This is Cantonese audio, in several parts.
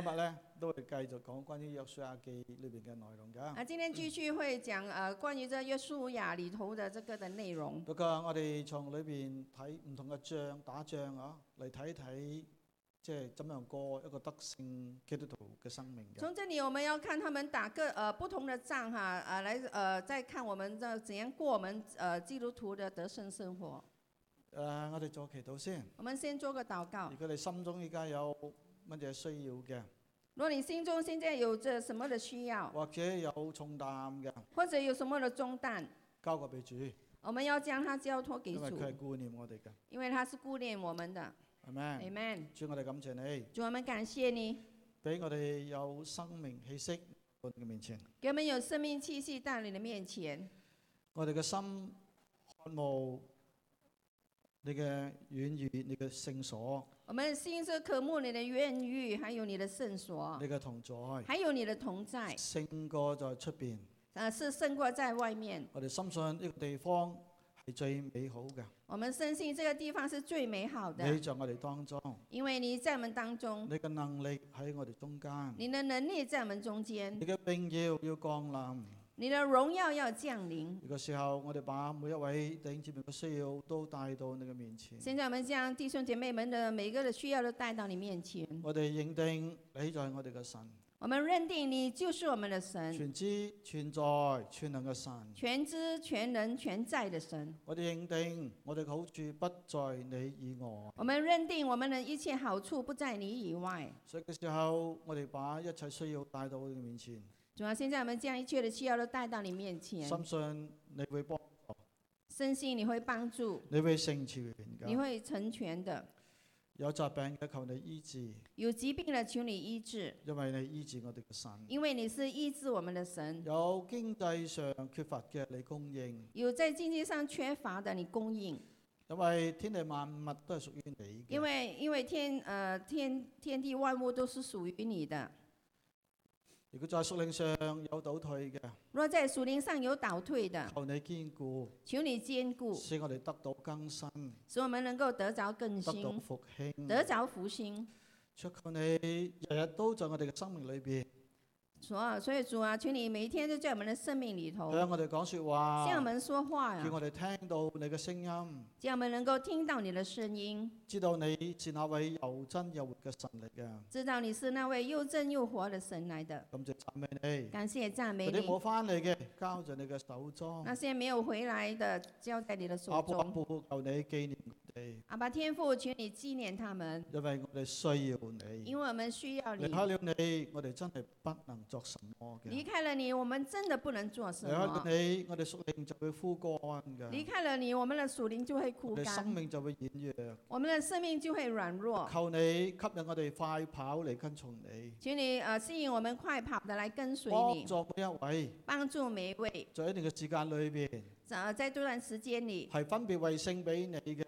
今日咧都會繼續講關於約書亞記裏邊嘅內容噶。啊，今天繼續會講啊、呃，關於這約書亞裏頭嘅這個的內容。不過，我哋從裏邊睇唔同嘅仗打仗啊，嚟睇睇即係怎樣過一個得勝基督徒嘅生命。從這裏我們要看他們打各誒、呃、不同嘅仗哈，啊、呃，來誒再看我們這怎樣過我們誒、呃、基督徒嘅得勝生活。誒、呃，我哋做祈禱先。我們先做個禱告。如果你心中依家有。乜嘢需要嘅？如果你心中現在有着什麼的需要，或者有重擔嘅，或者有什麼嘅重擔，交過俾主。我們要將它交託給主，因為佢係顧念我哋嘅，因為他是顧念我們嘅。阿門。阿門。主我哋感謝你，主我們感謝你，俾我哋有生命氣息喺你面前，給我們有生命氣息到你嘅面前。我哋嘅心渴慕你嘅院宇，你嘅聖所。我們心是渴慕你的院宇，還有你的聖所，你的同在，還有你的同在，勝過在出邊，啊，是勝過在外面。我哋深信呢個地方係最美好嘅。我們深信這個地方是最美好的。你在我哋當中，因為你在我們當中，你嘅能力喺我哋中間，你嘅能力在我哋中間，你嘅榮耀要降臨。你的榮耀要降臨。呢、這個時候，我哋把每一位弟兄姐妹嘅需要都帶到你嘅面前。現在，我們將弟兄姐妹們的每一個的需要都帶到你面前。我哋認定你係我哋嘅神。我們認定你就是我們嘅神。全知全在全能嘅神。全知全能全在嘅神。我哋認定我哋嘅好處不在你以外。我們認定我們嘅一切好處不在你以外。所以嘅時候，我哋把一切需要帶到你面前。主要，現在我們將一切的需要都帶到你面前，身上你會幫，身心你會幫助，你會成全，你會成全的。有疾病要求你醫治，有疾病嘅求你醫治，因為你醫治我哋嘅神，因為你是醫治我們的神。有經濟上缺乏嘅你供應，有在經濟上缺乏的你供應，因為天地萬物都係屬於你。因為因為天，呃天天地萬物都是屬於你的。如果在屬靈上有倒退嘅，若在屬靈上有倒退的，求你堅固，求你堅固，使我哋得到更新，使我們能夠得着更新，得着復興，得着復興。求求你日日都在我哋嘅生命裏邊。說啊、所以主啊，請你每一天都在我們的生命裏頭向我們說話，向我們說話啊、叫我哋聽到你嘅聲音，叫我們能夠聽到你的聲音，知道你是那位又真又活嘅神嚟嘅，知道你是那位又真又活嘅神嚟嘅，咁就讚美你，感謝讚美你。冇翻嚟嘅，交在你嘅手中，那些沒有回來的，交在你的手中。阿爸天父，請你紀念他們，因為我哋需要你，因為我們需要你。離開了你，我哋真係不能做什麼嘅。離開了你，我們真的不能做什麼。離開了你，我哋屬靈就會枯乾。離開了你，我們的屬靈就會枯乾。生命就會軟弱。我們的生命就會軟弱。求你吸引我哋快跑嚟跟從你。請你啊，吸引我們快跑嚟跟隨你。做一位，幫助，一位幫助每一位。在一定嘅時間裏邊。啊，在這段時間裏。係分別為聖俾你嘅。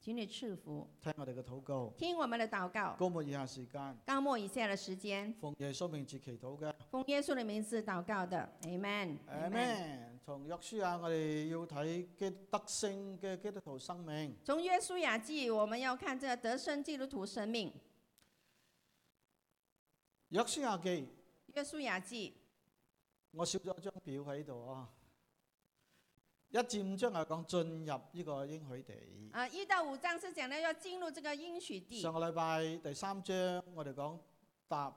請你賜福，聽我哋嘅禱告，聽我們嘅禱告。高末以下時間，高末以下嘅時間。奉耶穌名字祈禱嘅，奉耶穌嘅名字禱告嘅。Amen，Amen。從約書亞我哋要睇得勝嘅基督徒生命。從約書亞記我哋要看這得勝基督徒生命。約書亞記，約書亞記，我少咗張表喺度啊。一至五章係講進入呢個應許地。啊，一到五章是講呢，要進入呢個應許地。上個禮拜第三章我哋講搭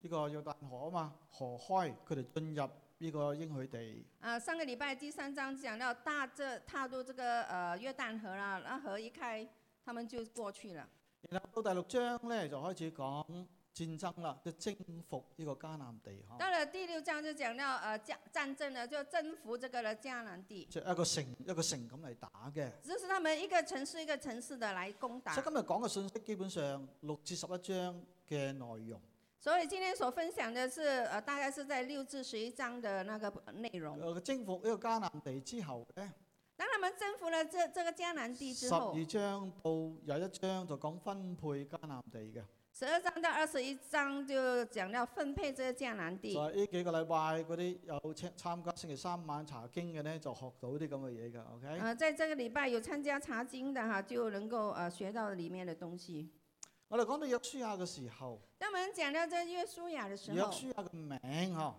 呢個約旦河啊嘛，河開佢哋進入呢個應許地。啊，上個禮拜第三章講到踏這踏到呢個誒約旦河啦，那河一開，他們就過去了。然後到第六章咧就開始講。戰爭啦，就是，征服呢個迦南地。到了第六章就講到，誒、呃，戰戰爭咧就征服這個的迦南地。就是，一個城一個城咁嚟打嘅。就是他們一個城市一個城市的嚟攻打。所以今日講嘅信息基本上六至十一章嘅內容。所以今天所分享嘅是，誒、呃，大概是在六至十一章嘅那個內容。征服呢個迦南地之後咧？當他們征服了這這個迦南地之後。十二章到有一章就講分配迦南地嘅。十二章到二十一章就講到分配這迦南地。呢幾個禮拜嗰啲有參加星期三晚查經嘅呢，就學到啲咁嘅嘢噶。OK、呃。啊，在這個禮拜有參加查經嘅，哈，就能夠啊、呃、學到裏面嘅東西。我哋講到約書亞嘅時候，當我哋講到這約書亞嘅時候，約書亞嘅名哦。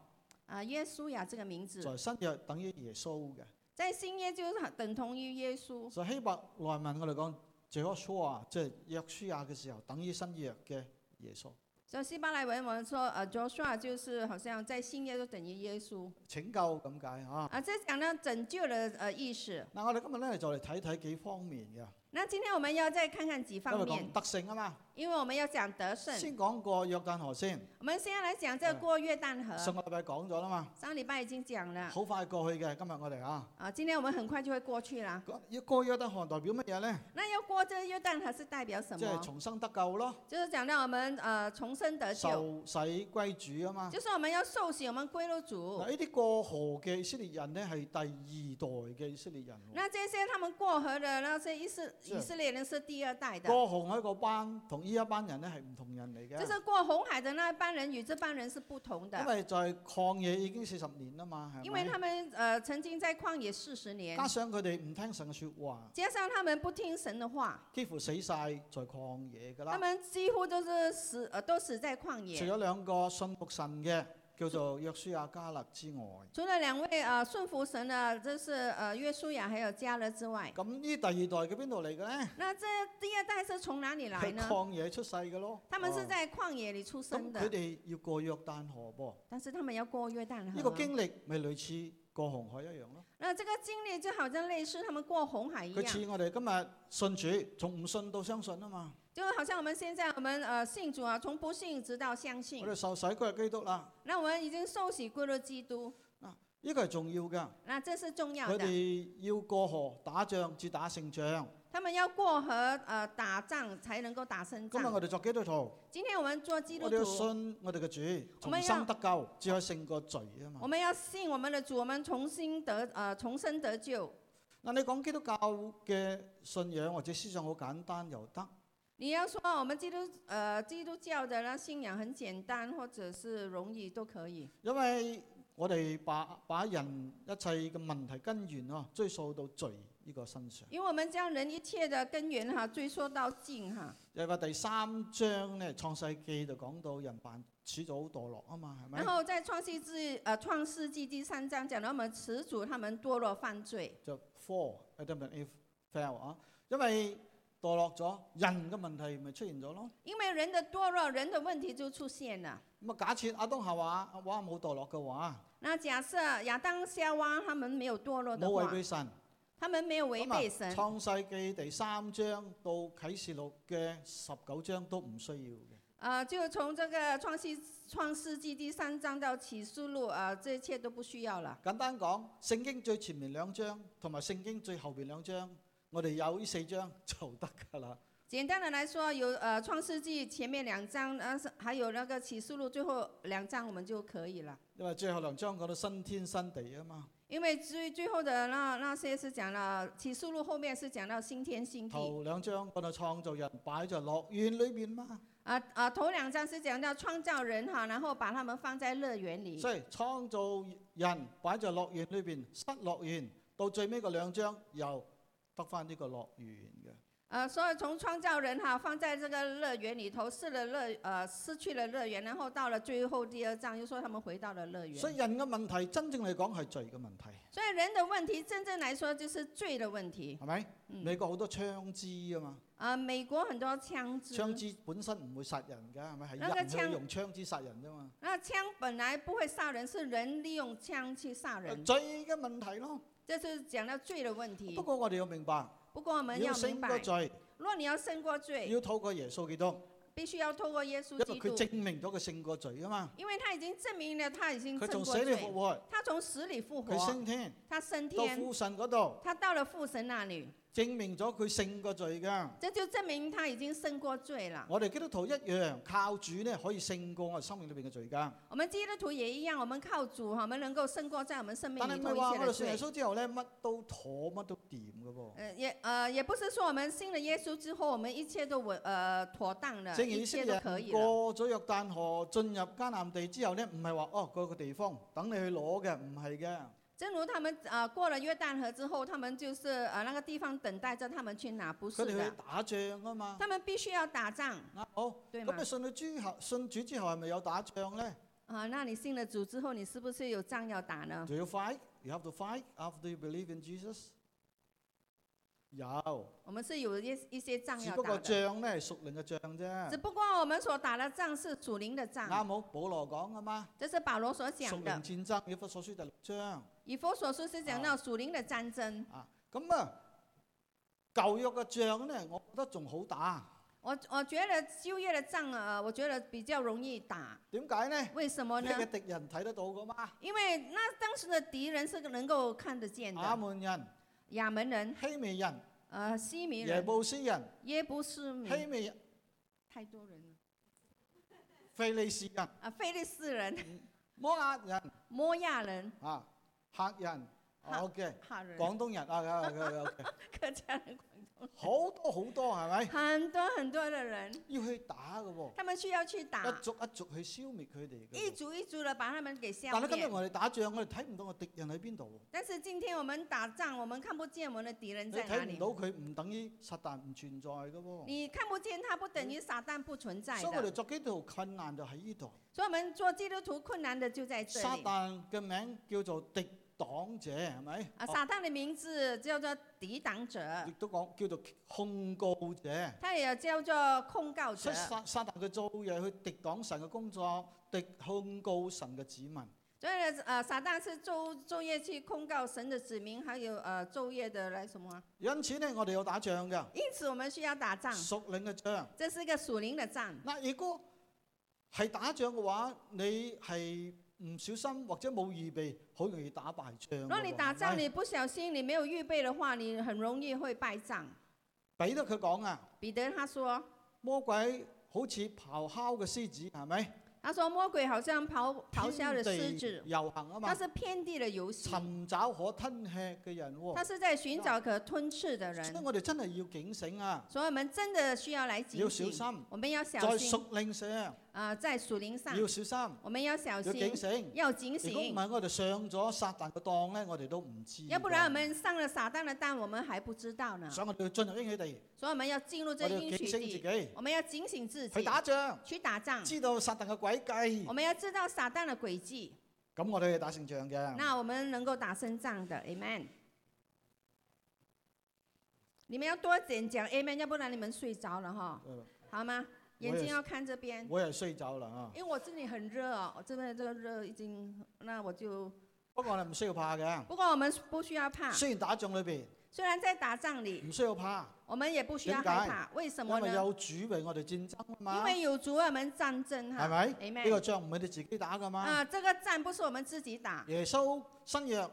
啊，約書亞這個名字。在新約等於耶穌嘅。在新約就等同於耶穌。所以希伯來文我哋講。做書啊，即、就、係、是、約書亞嘅時候，等於新約嘅耶穌。即係西班牙文話，説、呃、啊，Joshua 就是好像在新約都等於耶穌。拯救咁解啊。啊，即係講到拯救嘅誒、呃、意思。嗱，我哋今日咧就嚟睇睇幾方面嘅。嗱，今天，我們要再看看幾方面。因為講得勝啊嘛。因為我們要講得勝。先講過約旦河先。我們先要來講這個過約旦河。上個禮拜講咗啦嘛。上個禮拜已經講啦。好快過去嘅，今日我哋啊。啊，今天我們很快就會過去啦。要過約旦河代表乜嘢呢？那要過這個約旦河是代表什麼？即係重生得救咯。就是講到我們啊、呃、重生得救。受洗歸主啊嘛。就是我們要受洗，我們歸入主。呢啲過河嘅以色列人呢係第二代嘅以色列人。那這些他們過河的那些以色以色列人是第二代的。是的過河一個班，同意。呢一班人咧，係唔同人嚟嘅。就是過紅海嘅那一班人與這班人是不同嘅。因為在曠野已經四十年啦嘛，係因為他們誒、呃、曾經在曠野四十年。加上佢哋唔聽神嘅説話。加上他們不聽神嘅話。幾乎死晒在曠野㗎啦、呃。他們幾乎都是死誒、呃、都死在曠野，除咗兩個信服神嘅，叫做約書亞加勒之外，除了兩位啊順服神的，就是呃約書亞，還有加勒之外。咁呢第二代嘅邊度嚟嘅咧？那這第二代是從哪裏來呢？喺曠野出世嘅咯。他們是在曠野裏出生。嘅、哦。佢哋要過約旦河噃。但是他們要過約旦河。呢個經歷咪類似過紅海一樣咯。那這個經歷就好像類似他們過紅海一樣。佢似我哋今日信主，從唔信到相信啦嘛。就好像我們現在，我們誒、呃、信主啊，從不信直到相信。我哋受洗歸入基督啦。那我們已經受洗歸入基督。嗱、啊、呢，這個係重要嘅。嗱，這是重要。佢哋要過河打仗至打勝仗。他們要過河誒、呃、打仗才能夠打勝仗。今日我哋作基督徒。今天我們做基督徒。我哋信我哋嘅主，重新得救，至可以勝過罪啊嘛。我們要信我們的主，我們重新得誒、呃、重新得救。嗱，你講基督教嘅信仰或者思想好簡單又得。你要說我們基督，誒、呃、基督教的信仰很簡單，或者是容易都可以。因為我哋把把人一切嘅問題根源哦、啊、追溯到罪呢個身上。因為我們將人一切的根源哈、啊、追溯到性哈、啊。又、就、話、是、第三章咧創世記，就講到人扮始祖墮落啊嘛，係咪？然後在創世記誒、呃、創世紀第三章講到，我們始祖他們墮落犯罪。就 fall，fell 啊？因為墮落咗，人嘅問題咪出現咗咯？因為人嘅墮落，人嘅問題就出現啦。咁啊，假設亞當夏娃冇墮落嘅話，那假設亞當夏娃他們沒有墮落，冇違背神，他們沒有違背神。創世記第三章到啟示錄嘅十九章都唔需要嘅。啊、呃，就從這個創世創世記第三章到啟示錄啊，這一切都不需要啦。簡單講，聖經最前面兩章同埋聖經最後面兩章。我哋有呢四章就得噶啦。簡單的來說，有誒、呃、創世紀前面兩張然、啊、還有那個起示錄最後兩張我們就可以了。因為最後兩章講到新天新地啊嘛。因為最最後的那那些是講到起示錄後面是講到新天新地。頭兩張講到創造人擺在樂園裏邊嘛。啊啊，頭兩張是講到創造人哈，然後把他們放在樂園裏。所以創造人擺在樂園裏邊，失、嗯、樂園到最尾嗰兩章由。得翻呢個樂園嘅。啊、呃，所以從創造人哈，放在這個樂園裏頭，失了樂，啊、呃、失去了樂園，然後到了最後第二章，又說他們回到了樂園。所以人嘅問題真正嚟講係罪嘅問題。所以人嘅問題真正嚟說就是罪嘅問題。係咪、嗯？美國好多槍支啊嘛。啊，美國很多槍支。槍支本身唔會殺人噶，係咪？係、那個、人去用槍支殺人啫嘛。那槍、個、本來不會殺人，是人利用槍去殺人、呃。罪嘅問題咯。這是講到罪的問題。不過我哋要明白，不過我們要要明白，要勝過罪。如果你要勝過罪，你要透過耶穌基督。必須要透過耶穌基督。佢證明咗佢勝過罪啊嘛。因為他已經證明了他，他已經勝過罪。他從死裏復活。他從死裏復活。佢升天。他升天。到父神嗰度。他到了父神那裏。證明咗佢勝過罪噶，這就證明他已經勝過罪啦。我哋基督徒一樣靠主咧，可以勝過我哋生命裏邊嘅罪噶。我們基督徒也一樣，我們靠主，我們能夠勝過在我們生命裏邊的我哋信耶穌之後咧，乜都妥，乜都掂噶噃。誒，也誒，也不是說我們信了耶穌之後，我們一切都穩誒、呃、妥當啦，一切都可以啦。過咗約旦河，進入迦南地之後咧，唔係話哦嗰個地方等你去攞嘅，唔係嘅。正如他們啊、呃、過了約旦河之後，他們就是啊、呃、那個地方等待着他們去拿，不是的。佢哋會打仗啊嘛。他們必須要打仗。嗯、啊對嘛。咁、嗯、你信咗主後，信主之後係咪有仗打仗呢？啊，那你信了主之後，你是不是有仗要打呢？Do you fight?，you have to fight. After you believe in Jesus，有。我們是有一一些仗要打。打。不過仗呢係屬靈嘅仗啫。只不過我們所打的仗是屬靈的仗。啱、啊、好、嗯，保羅講啊嘛。這是保羅所講。屬靈戰爭，以弗所書第六章。以弗所書是講到屬靈的戰爭。啊，咁啊，舊約嘅仗呢，我覺得仲好打。我我覺得舊約嘅仗啊，我覺得比較容易打。點解呢？為什麼呢？你嘅敵人睇得到㗎嘛？因為那當時的敵人是能夠看得見的。亞捫人。亞捫人。希未人。呃，希未人。耶布斯人。耶布斯。希未。太多人了。非利士人。啊，非利士人。嗯、摩押人。摩押人。啊。客人，OK，客人廣東人啊，OK，啊，真係廣好多好多係咪？很多很多的人要去打嘅喎、哦。他們需要去打。一族一族去消滅佢哋。一族一族地把他們給消滅。但係今日我哋打仗，我哋睇唔到個敵人喺邊度。但是今天我們打仗，我們看不見我們的敵人在哪裏。你睇唔到佢唔等於撒旦唔存在嘅喎、哦。你看不見他不等於撒旦不存在。所以我哋做基督徒困難就喺呢度。所以我們做基督徒困難的就在此。撒旦嘅名叫做敵黨者係咪？啊，撒旦嘅名字叫做抵擋者，亦都講叫做控告者。佢又叫做控告者。撒，撒旦嘅做嘢去敵擋神嘅工作，敵控告神嘅子民。所以啊，撒旦是晝晝夜去控告神嘅子民，還有啊晝夜的嚟什麼？因此咧，我哋要打仗嘅。因此，我們需要打仗。屬靈嘅仗。即係一個屬靈嘅仗。嗱，如果係打仗嘅話，你係？唔小心或者冇預備，好容易打敗仗。如果你打仗是不是你不小心，你沒有預備的話，你很容易會敗仗。彼得佢講啊。彼得他說：魔鬼好似咆哮嘅獅子，係咪？他說魔鬼好像咆咆哮嘅獅子。遍地遊行啊嘛。他是遍地的遊尋找、哦、找可吞吃嘅人。他是在尋找可吞吃嘅人。所以我哋真係要警醒啊。所以我們真的需要來警醒。要小心。我們要小心。令上。啊、呃！在屬靈上，要小心，我們要小心，要警醒，要警醒。如果唔係我哋上咗撒旦嘅當咧，我哋都唔知。要不然我們上了撒旦的當，我們還不知道呢。所以我們要進入應許地，所以我們要進入這應許地我。我們要警醒自己，去打仗，去打仗，知道撒旦嘅詭計。我們要知道撒旦的詭計。咁我哋要打勝仗嘅。嗱，我們能夠打勝仗嘅。Amen 你們要多一點講 Amen，要不然你們睡着了哈，好嗎？眼睛要看這邊。我也睡着了啊。因為我自己很熱，哦，我這邊的這個熱已經，那我就。不過我哋唔需要怕嘅。不過我們不需要怕。雖然打仗裏邊。雖然在打仗裏。唔需要怕。我們也不需要害怕，為什麼，為什麼呢？因為有主為我哋戰爭。因為有主，我們戰爭哈、啊。係咪？呢、這個仗唔係你自己打噶嘛？啊，這個仗不是我們自己打。耶穌新約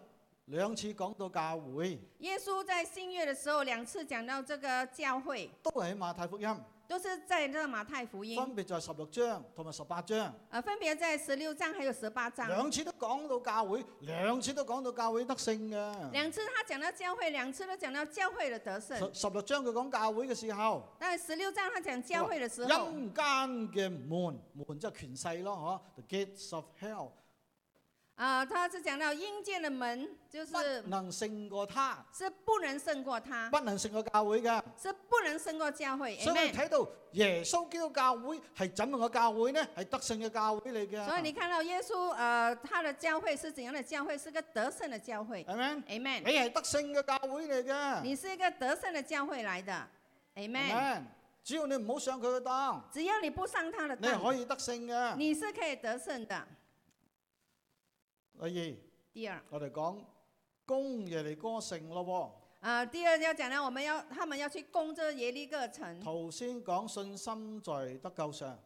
兩次講到教會。耶穌在新約的時候兩次講到這個教會。都係馬太福音。都、就是在《呢個馬太福音》，分別在十六章同埋十八章。誒，分別在十六章，還有十八章。兩次都講到教會，兩次都講到教會得勝嘅。兩次他講到教會，兩次都講到教會的得勝。十六章佢講教會嘅時候，但係十六章他講教會嘅時候，但章他教會的時候陰間嘅門，門即係權勢咯 The gates of hell 啊、呃，他是講到陰間的門，就是能勝過他，是不能勝過他，不能勝過教會嘅，是不能勝過教會。所以你睇到耶穌基督教會係怎樣嘅教會呢？係得勝嘅教會嚟嘅。所以你看到耶穌誒，他、呃、的教會是怎樣嘅教會？是個得勝嘅教會，係咪？阿門。你係得勝嘅教會嚟嘅，你是一個得勝嘅教會嚟的，阿門。只要你唔好上佢嘅當，只要你不要上他的當，你可以得勝嘅，你是可以得勝的。第二,第二，我哋講攻耶利哥城咯、哦。啊，第二要講到，我們要他們要去攻這耶利哥城。頭先講信心在得救上，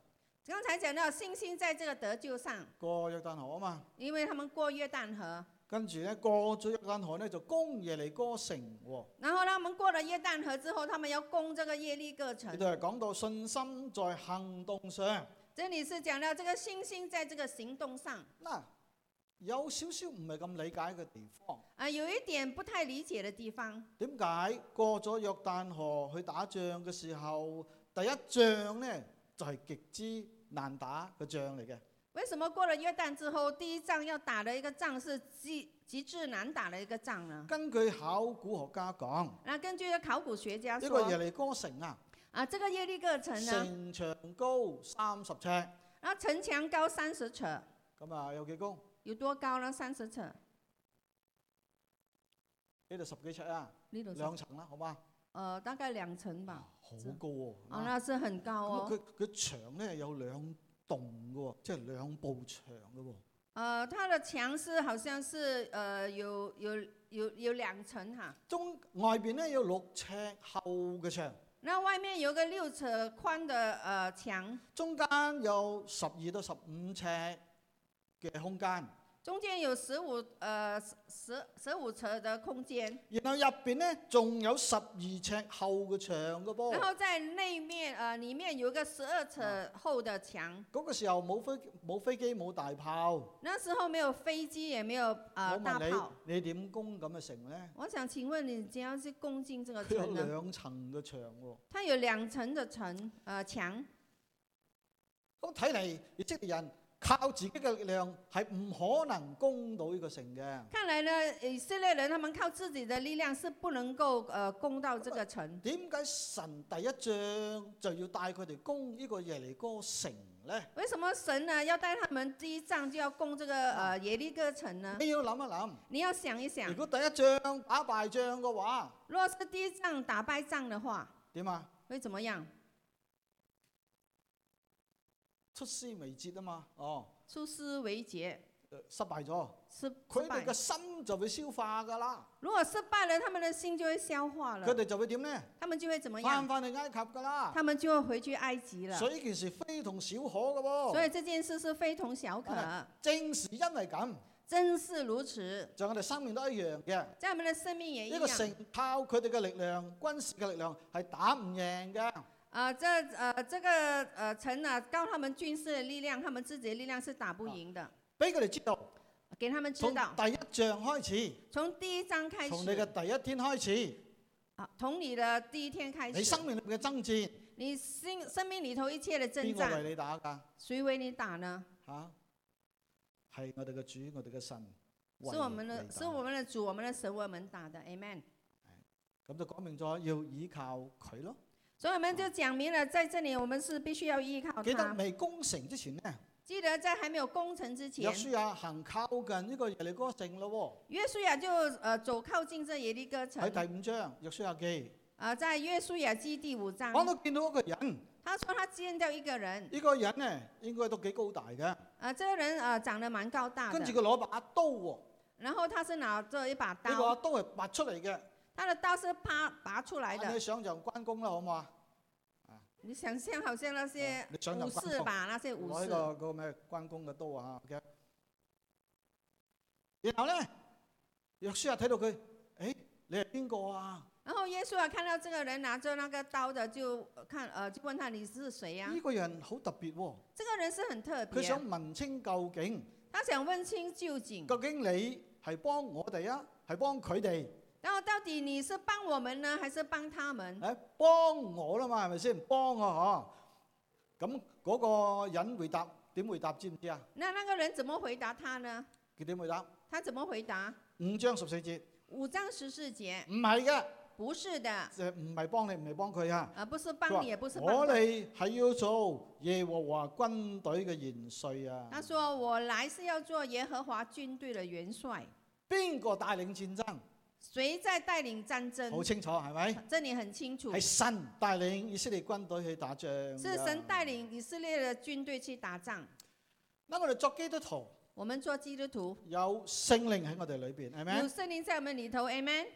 剛才講到信心在這個得救上。過約旦河啊嘛，因為他們過約旦河，跟住呢過咗約旦河呢就攻耶利哥城、哦。然後呢他們過咗約旦河之後，他們要攻這個耶利哥城。亦都係講到信心在行動上，這裏是講到這個信心在這個行動上。那、啊。有少少唔係咁理解嘅地方。啊，有一點不太理解嘅地方。點解過咗約旦河去打仗嘅時候，第一仗呢就係、是、極之難打嘅仗嚟嘅？為什麼過咗約旦之後，第一仗要打嘅一個仗是極極之難打嘅一個仗呢？根據考古學家講。那、啊、根據考古學家說。一個耶利哥城啊。啊，這個耶利哥城。城牆高三十尺。啊，城牆高三十尺。咁啊，有幾高？有多高啦？三十尺。呢度十幾尺啊？呢度兩層啦、啊，好嘛？呃，大概兩層吧。啊、好高喎、哦！哦、啊啊，那是很高佢、哦、佢牆咧有兩棟噶喎、哦，即係兩部牆噶喎、哦。呃，它的牆是好像是，呃，有有有有兩層哈。中外邊咧有六尺厚嘅牆。那外面有個六尺寬嘅呃牆。中間有十二到十五尺。嘅空間，中間有十五、呃，誒十十五尺嘅空間。然後入邊呢仲有十二尺厚嘅牆嘅噃。然後在內面，誒、呃、裏面有個十二尺厚嘅牆。嗰、啊那個時候冇飛冇飛機冇大炮。那時候沒有飛機，也沒有誒大炮。你點攻咁嘅城呢？我想請問你，點樣去攻進這個城有兩層嘅牆喎。它有兩層嘅城，誒牆。咁睇嚟，你即人。靠自己嘅力量係唔可能攻到呢個城嘅。看嚟呢，以色列人他們靠自己的力量是不能夠呃攻到這個城。點解神第一仗就要帶佢哋攻呢個耶利哥城呢？為什麼神呢要帶他們第一仗就要攻這個、嗯、呃耶利哥城呢？你要諗一諗。你要想一想。如果第一仗打敗仗嘅話，如果是第一仗打敗仗的話，會點啊？會怎麼樣？出師未捷啊嘛，哦，出師未捷，失敗咗，失，佢哋嘅心就會消化噶啦。如果失敗了，佢哋嘅心就會消化了。佢哋就會點咧？佢哋就會怎麼樣？翻翻去埃及噶啦。他們就會回去埃及啦。所以呢件事非同小可噶喎。所以這件事是非同小可。是正是因為咁。正是如此。就我哋生命都一樣嘅。即係我哋嘅生命也一樣。一樣、這個城靠佢哋嘅力量，軍事嘅力量係打唔贏嘅。啊、呃，這啊、呃，這個、呃、啊，陳啊，靠他們軍事的力量，他們自己的力量是打不贏的。俾佢哋知道，給他們知道。第一仗開始，從第一章開始，從你嘅第一天開始。啊，從你的第一天開始。你生命裏嘅爭戰，你生生命裏頭一切的征戰，戰。邊個為你打噶？誰為你打呢？吓，係我哋嘅主，我哋嘅神，是我們嘅，是我們的主，我們的神，我們打的，Amen。咁就講明咗，要依靠佢咯。嗯嗯嗯嗯所以我們就講明了，在這裏我們是必須要依靠他。記得未攻城之前咩？記得在還沒有攻城之前。約書亞行靠近呢個耶利哥城咯喎、哦。約書亞就誒、呃、走靠近這耶利哥城。喺第五章約書亞記。啊、呃，在約書亞記第五章。我都見到一個人。他說他見到一個人。呢個人呢，應該都幾高大嘅。啊、呃，這個人啊、呃，長得蠻高大的。跟住，佢攞把刀喎、哦。然後他是拿着一把刀。呢、這個刀係拔出嚟嘅。他的刀是扒拔出來的。你想象關公啦，好唔好啊？你想象好，好像那些，呃、武士吧，那些武士。攞個咩關公嘅刀啊？Okay? 然後咧，約書亞啊睇到佢，誒，你係邊個啊？然後耶穌啊，看到這個人拿着那個刀的，就看，呃，就問他你是誰啊。呢、這個人好特別喎、哦。這個人是很特別，啊。佢想問清究竟。他想問清究竟。究竟你係幫我哋啊，係幫佢哋？然後到底，你是幫我們呢，還是幫他們？誒、哎，幫我啦嘛，係咪先？幫我嗬，咁、啊、嗰個人回答點回答知唔知啊？那那個人怎麼回答他呢？佢點回答？他怎麼回答？五章十四節。五章十四節。唔係噶，不是的。誒，唔係幫你，唔係幫佢啊。啊，不是幫你，也不是幫,幫。我哋係要做耶和華軍隊嘅元帥啊！他說：我來是要做耶和華軍隊嘅元帥，邊個帶領戰爭。誰在帶領戰爭？好清楚係咪？真理很清楚。係神帶領以色列軍隊去打仗。是神帶領以色列嘅軍隊去打仗，嗯。那我哋作基督徒，我們做基督徒有聖靈喺我哋裏邊，係咪？有聖靈在我們裏頭，阿門。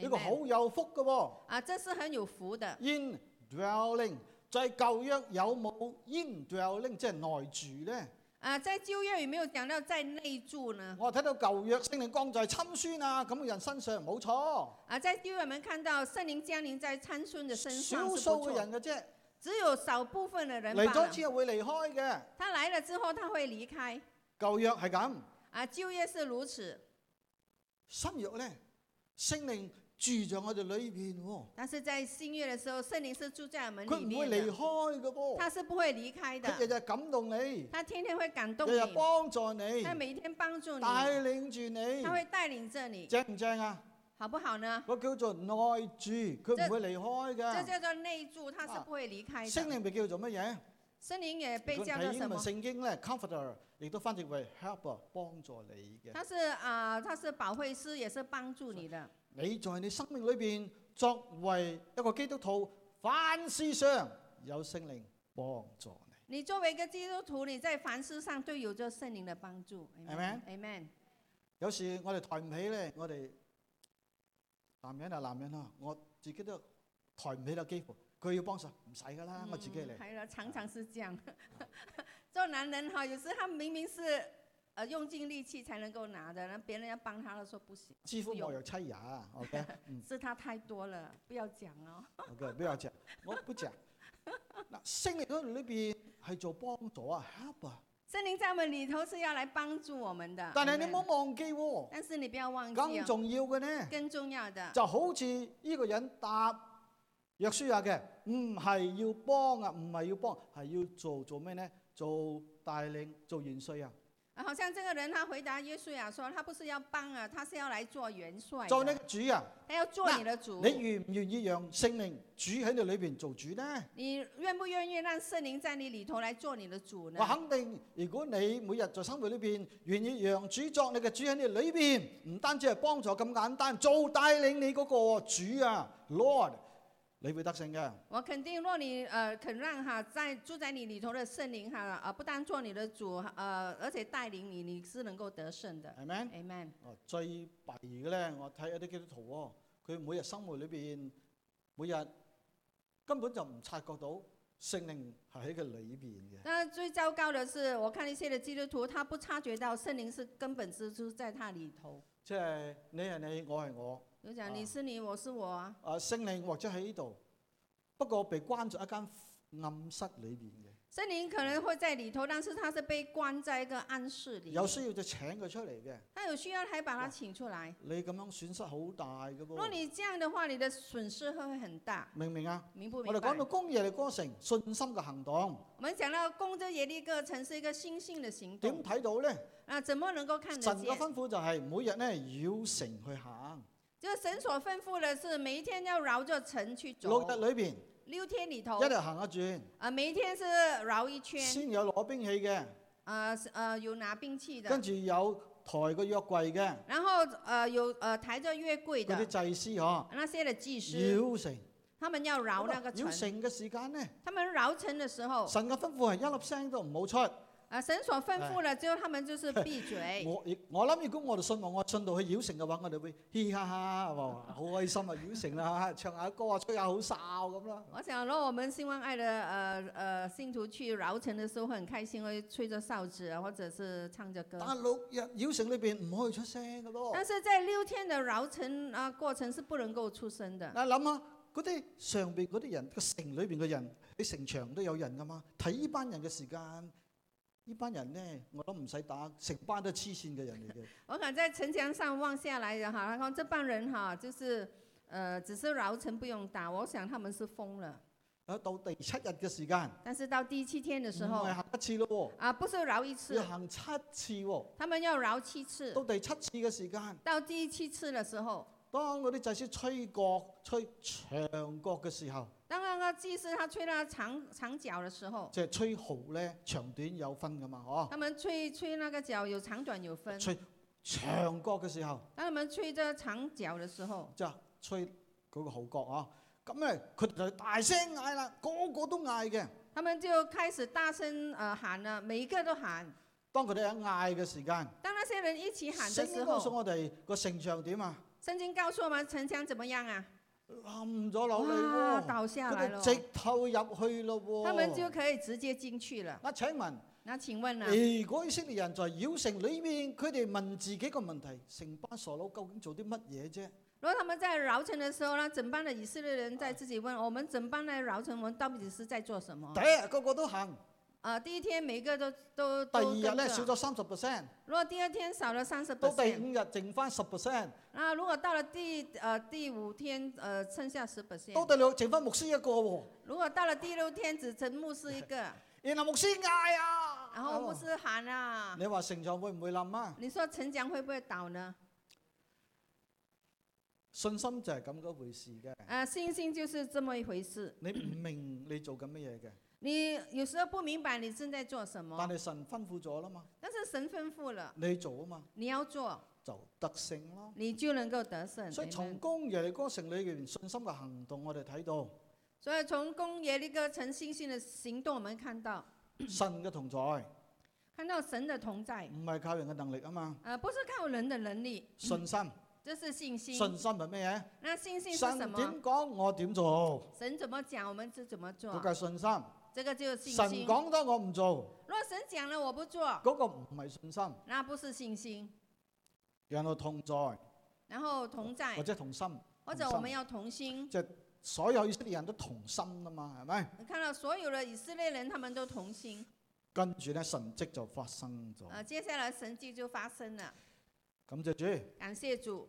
呢個好有福嘅，哦。啊，這是很有福的。In dwelling 在舊約有冇？In dwelling 即係內住咧。啊，在舊約有沒有講到在內住呢？我睇到舊約聖靈光在參孫啊，咁嘅人身上冇錯。啊，在舊約我們看到聖靈降臨在參孫嘅身上，少數嘅人嘅啫，只有少部分嘅人。嚟咗之後會離開嘅。他嚟咗之後，佢會離開。舊約係咁。啊，舊約是如此。新約呢？聖靈。住在我哋裏邊、哦、但是在新約的時候，聖靈是住在我們裏面。佢唔會離開嘅噃。他是不會離開的。佢日日感動你。他天天會感動你。佢幫助你。佢每天幫助你。帶領住你。他會帶領着你。正唔正啊？好不好呢？嗰叫做內住，佢唔會離開嘅。這叫做內住，他是不會離開的。聖靈被叫做乜嘢？聖靈也被叫做什麼？佢體經聖經咧？Comforter，亦都翻譯為 Helper，幫助你嘅。他是啊，他、呃、是保惠師，也是幫助你的。你在你生命裏邊作為一個基督徒，凡事上有聖靈幫助你。你作為一個基督徒，你在凡事上都有咗聖靈嘅幫助。係咪？Amen。有時我哋抬唔起咧，我哋男人就男人咯，我自己都抬唔起啦，幾乎佢要幫手唔使噶啦，我自己嚟。係、嗯、啦，常常是這樣。 做男人嗬，有時佢明明是。用盡力氣才能夠拿的，那別人要幫他，都說不行。師傅我有妻牙、啊、，OK， 是他太多了，不要講哦。 OK，不要講，我不講。嗱，聖靈邊係做幫助啊，help 啊。聖靈在我們裏頭是要嚟幫助我們的，但係你唔好忘記喎。但是你不要忘記，啊你不要忘記啊。更重要嘅呢？更重要嘅就好似呢個人答約書亞啊嘅，唔係要幫啊，唔係要幫，係要做做咩呢？做帶領，做元帥啊。好像這個人，他回答約書亞，說他不是要幫啊，他是要來做元帥。做你嘅主啊，他要做你的主。啊、你願唔願意讓聖靈主喺你裏邊做主呢？你願不願意讓聖靈在你裏頭來做你的主呢？我肯定，如果你每日在生活裏邊願意讓主作你嘅主喺你裏邊，唔單止係幫助咁簡單，做帶領你嗰個主啊，Lord。你會得勝噶？我肯定，若你誒、呃、肯讓哈，在住在你裏頭嘅聖靈哈，啊、呃、不單做你嘅主，誒、呃、而且帶領你，你是能夠得勝嘅。阿門，阿門。哦，最弊嘅咧，我睇一啲基督徒、哦，佢每日生活裏邊，每日根本就唔察覺到聖靈係喺佢裏邊嘅。但最糟糕嘅係，我看一些嘅基督徒，他不察覺到聖靈是根本之住在他裏頭。即係你係你，我係我。就講，你是你，啊、我是我啊。啊，聖靈或者喺呢度，不過被關咗一間暗室裏面嘅。聖靈可能會在裏頭，但是他是被關在一個暗室裏面。有需要就請佢出嚟嘅。他有需要，還把他請出來。啊、你咁樣損失好大嘅噃。如果你這樣的話，你的損失會很大。明唔明啊？明不明白？我哋講到攻耶利哥城，信心嘅行動。我們講到攻耶利哥城是一個信心嘅行動。點睇到咧？啊，怎麼能夠看得見？神嘅吩咐就係每日呢，繞城去行。就、這個、神所吩咐的是，每一天要繞着城去走六日裏邊，六天裏頭一日行一轉。啊、呃，每一天是繞一圈。先有攞兵器嘅，啊、呃，啊、呃、有拿兵器嘅，跟住有抬個約櫃嘅。然後啊有啊抬咗約櫃嘅。嗰啲祭司嗬。那些嘅祭司。繞城，他們要繞那個城。繞城嘅時間咧，他們繞城嘅時候。神嘅吩咐係一粒聲都唔好出。啊！神所吩咐了、哎，只有他們就是閉嘴。我我諗，如果我哋信我，我信到去繞城嘅話，我哋會嘻嘻哈哈，係好開心啊！繞 城啦、啊，唱下歌啊，吹下口哨咁咯。我想如果我們信望愛的誒誒信徒去繞城嘅時候，會很開心，會吹着哨子，或者是唱着歌。但六日繞城裏邊唔可以出聲嘅咯。但是在六天嘅繞城啊過程是不能夠出聲的。啊諗啊，嗰啲上邊嗰啲人，個城裏邊嘅人，喺城牆都有人㗎嘛，睇呢班人嘅時間。一人呢班人咧，我都唔使打，成班都黐線嘅人嚟嘅。 我喺在城牆上望下來嘅哈，睇到這班人哈，就是，誒、呃，只是繞城不用打，我想他們是瘋了。到第七日嘅時間。但是到第七天嘅時候。唔係行一次咯、哦、啊，不是繞一次。要行七次喎、哦。他們要繞七次。到第七次嘅時間。到第七次嘅時候。當嗰啲祭司吹角、吹長角嘅時候。佢即使他吹那長長角的時候，即係吹號咧，長短有分噶嘛，嗬、哦？他們吹吹那個角有長短有分。吹長角嘅時候。當他們吹咗長角嘅時候。就吹嗰個號角啊。咁咧佢就大聲嗌啦，個個都嗌嘅。他們就開始大聲呃喊啦，每一個都喊。當佢哋喺嗌嘅時間。當那些人一起喊嘅時候。聖經告訴我哋個城牆點啊？聖經告訴我們城牆怎麼樣啊？冧咗落去，佢哋直透入去咯、哦，他們就可以直接進去了。嗱，請問，嗱，請問啊，如果以色列人在繞城裏面，佢哋問自己個問題，成班傻佬究竟做啲乜嘢啫？如果他們在繞城嘅時候，呢整班嘅以色列人在自己問，我們整班的繞城我們到底是在做什麼？對，個個都行。啊、呃！第一天每一個都都都，第二日咧少咗三十 percent。如果第二天少了三十多，第五日剩翻十 percent。那如果到了第啊、呃、第五天，呃，剩下十 percent。都第六剩翻牧師一個喎、哦。如果到了第六天只剩牧師一個。然 後牧師嗌啊，然後牧師喊啊。啊哦、你話城牆會唔會冧啊？你說城牆會唔會倒呢？信心就係咁嘅回事嘅。啊，信心就是這麼一回事。你唔明你做緊乜嘢嘅？你有時候不明白你正在做什麼，但係神吩咐咗啦嘛。但是神吩咐了，你做啊嘛。你要做就得勝咯，你就能夠得勝。所以從攻耶利哥城裏嘅信心嘅行動，我哋睇到。所以從攻耶利哥城呢個信心嘅行動，我們看到神嘅同在。看到神嘅同在，唔係靠人嘅能力啊嘛。誒、啊，不是靠人的能力，信心。這是信心。信心係咩嘢？那信心係什麼？神點講我點做？神怎麼講，我們就怎麼做。嗰個信心。這個、就是神講得我唔做，如果神講了我不做，嗰、那個唔係信心，那不是信心。然後同在，然後同在，或者同心，同心或者我們要同心，即、就、係、是、所有以色列人都同心啦嘛，係咪？你看到所有的以色列人他們都同心，跟住咧神蹟就發生咗。啊、呃，接下來神蹟就發生了。感謝主，感謝主。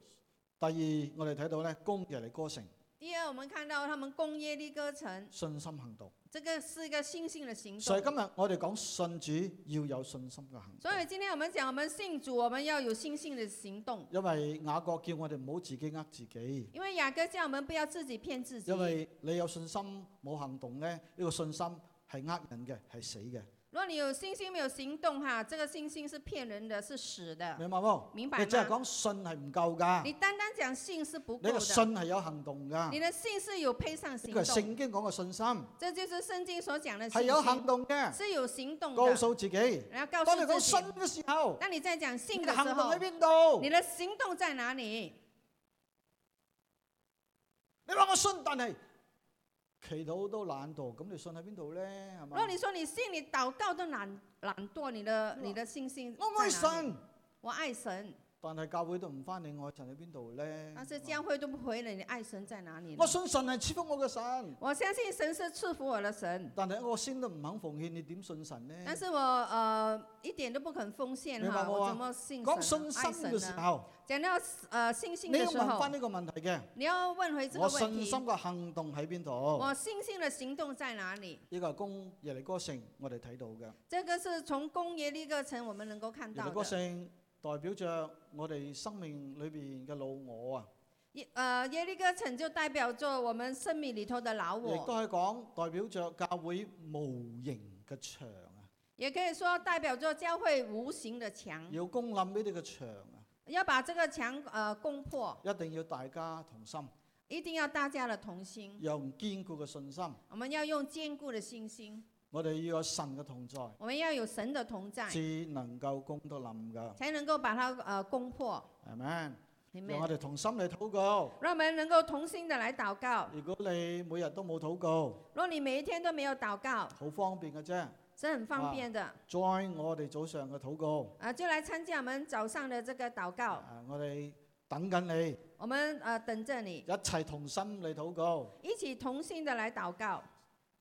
第二，我哋睇到咧攻耶利哥城，第二，我們看到他們攻耶利哥城，信心行動，這個是一個信心的行動。所以今日我哋講信主要有信心嘅行動。所以今天我們講我們信主，我們要有信心嘅行動。因為雅各叫我哋唔好自己呃自己。因為雅各叫我們不要自己騙自己。因為你有信心冇行動咧，呢、這個信心係呃人嘅，係死嘅。如果你有信心沒有行動，哈，這個信心是騙人的，是死的，明白冇？明白？你只係講信係唔夠㗎。你單單講信是不夠的。你個信係有行動㗎。你的信是有配上行動。呢、這個聖經講個信心。這就是聖經所講的信心，係有行動嘅，是有行動。告訴自己，你告訴當你講信嘅時候，當你在講信嘅時候，你的行動喺邊度？你的行動在哪裡？你話我信但係？祈禱都懶惰，咁你信喺邊度咧？係嘛？如果你說你信，你禱告都懶懶惰，你的你的信心，我愛神，我愛神。但係教會都唔翻，你愛神喺邊度咧？但是教會都唔回你，你愛神在哪裏？我信神係賜福我嘅神。我相信神是賜福我嘅神。但係我心都唔肯奉獻，你點信神呢？但是我誒、呃，一點都不肯奉獻，明白我怎麼信啊？講信心嘅時候。想要誒，信心，嘅時候，你要問翻呢個問題嘅。你要問回呢個問題。我信心嘅行動喺邊度？我信心嘅行動在哪裏？呢、這個公耶利哥城，我哋睇到嘅。這個是從公耶呢個城，我們能夠看到。耶利哥城代表着我哋生命裏邊嘅老我啊。誒、呃，耶利哥城就代表着我們生命裏頭嘅老我。亦都係講，代表着教會無形嘅牆啊。也可以說，代表着教會無形嘅牆。要攻冧呢啲嘅牆啊。要把這個牆誒、呃、攻破，一定要大家同心，一定要大家的同心，用堅固嘅信心。我們要用堅固的信心。我哋要有神嘅同在，我們要有神的同在，至能夠攻到冧㗎，才能夠把它誒、呃、攻破。係咪？用我哋同心嚟禱告，讓我們能夠同心地來禱告。如果你每日都冇禱告，如果你每一天都沒有禱告，好方便嘅啫。真係很方便的。join 我哋早上嘅禱告。啊，就嚟參加我們早上的這個禱告。啊，我哋等緊你。我們啊，等着你。一齊同心嚟禱告。一起同心地嚟禱告。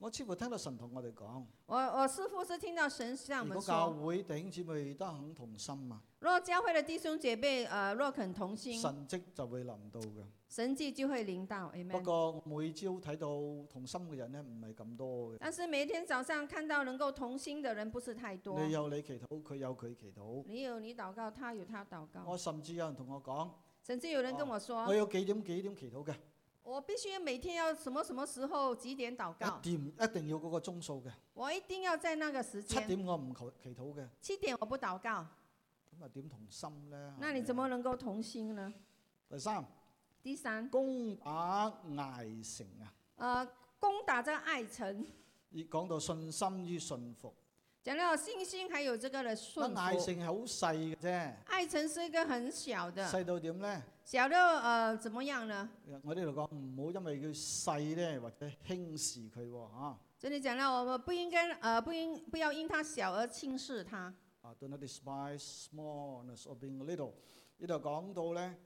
我似乎聽到神同我哋講。我我似乎是聽到神向我們。如果教會弟兄姊妹都肯同心啊。若教會嘅弟兄姐妹，誒、呃，若肯同心。神蹟就會臨到嘅。神蹟就會臨到，阿們。不過每朝睇到同心嘅人咧，唔係咁多嘅。但是每天早上看到能夠同心嘅人，不是太多。你有你祈禱，佢有佢祈禱。你有你禱告，他有他禱告。我甚至有人同我講。甚至有人跟我說。佢、哦、有幾點幾點祈禱嘅。我必須要每天要什麼什麼時候幾點禱告？一點一定要嗰個鐘數嘅。我一定要在那個時間。七點我唔求祈禱嘅。七點我不禱告。咁啊點同心咧？那你怎麼能夠同心呢？第三。第三、呃。攻打艾城啊！啊，攻打這艾城。而講到信心與信服。講到信心還有這個的順服。艾城係好細嘅啫。艾城是，是一個很小的。細到點咧？小都誒、呃、怎麼樣呢？我呢度講，唔好因為佢細咧，或者輕視佢吓、哦，嚇。即係你講啦，我不應該誒、呃，不應不要因他小而輕視他。啊、uh,，don't despise smallness of being little。呢度講到咧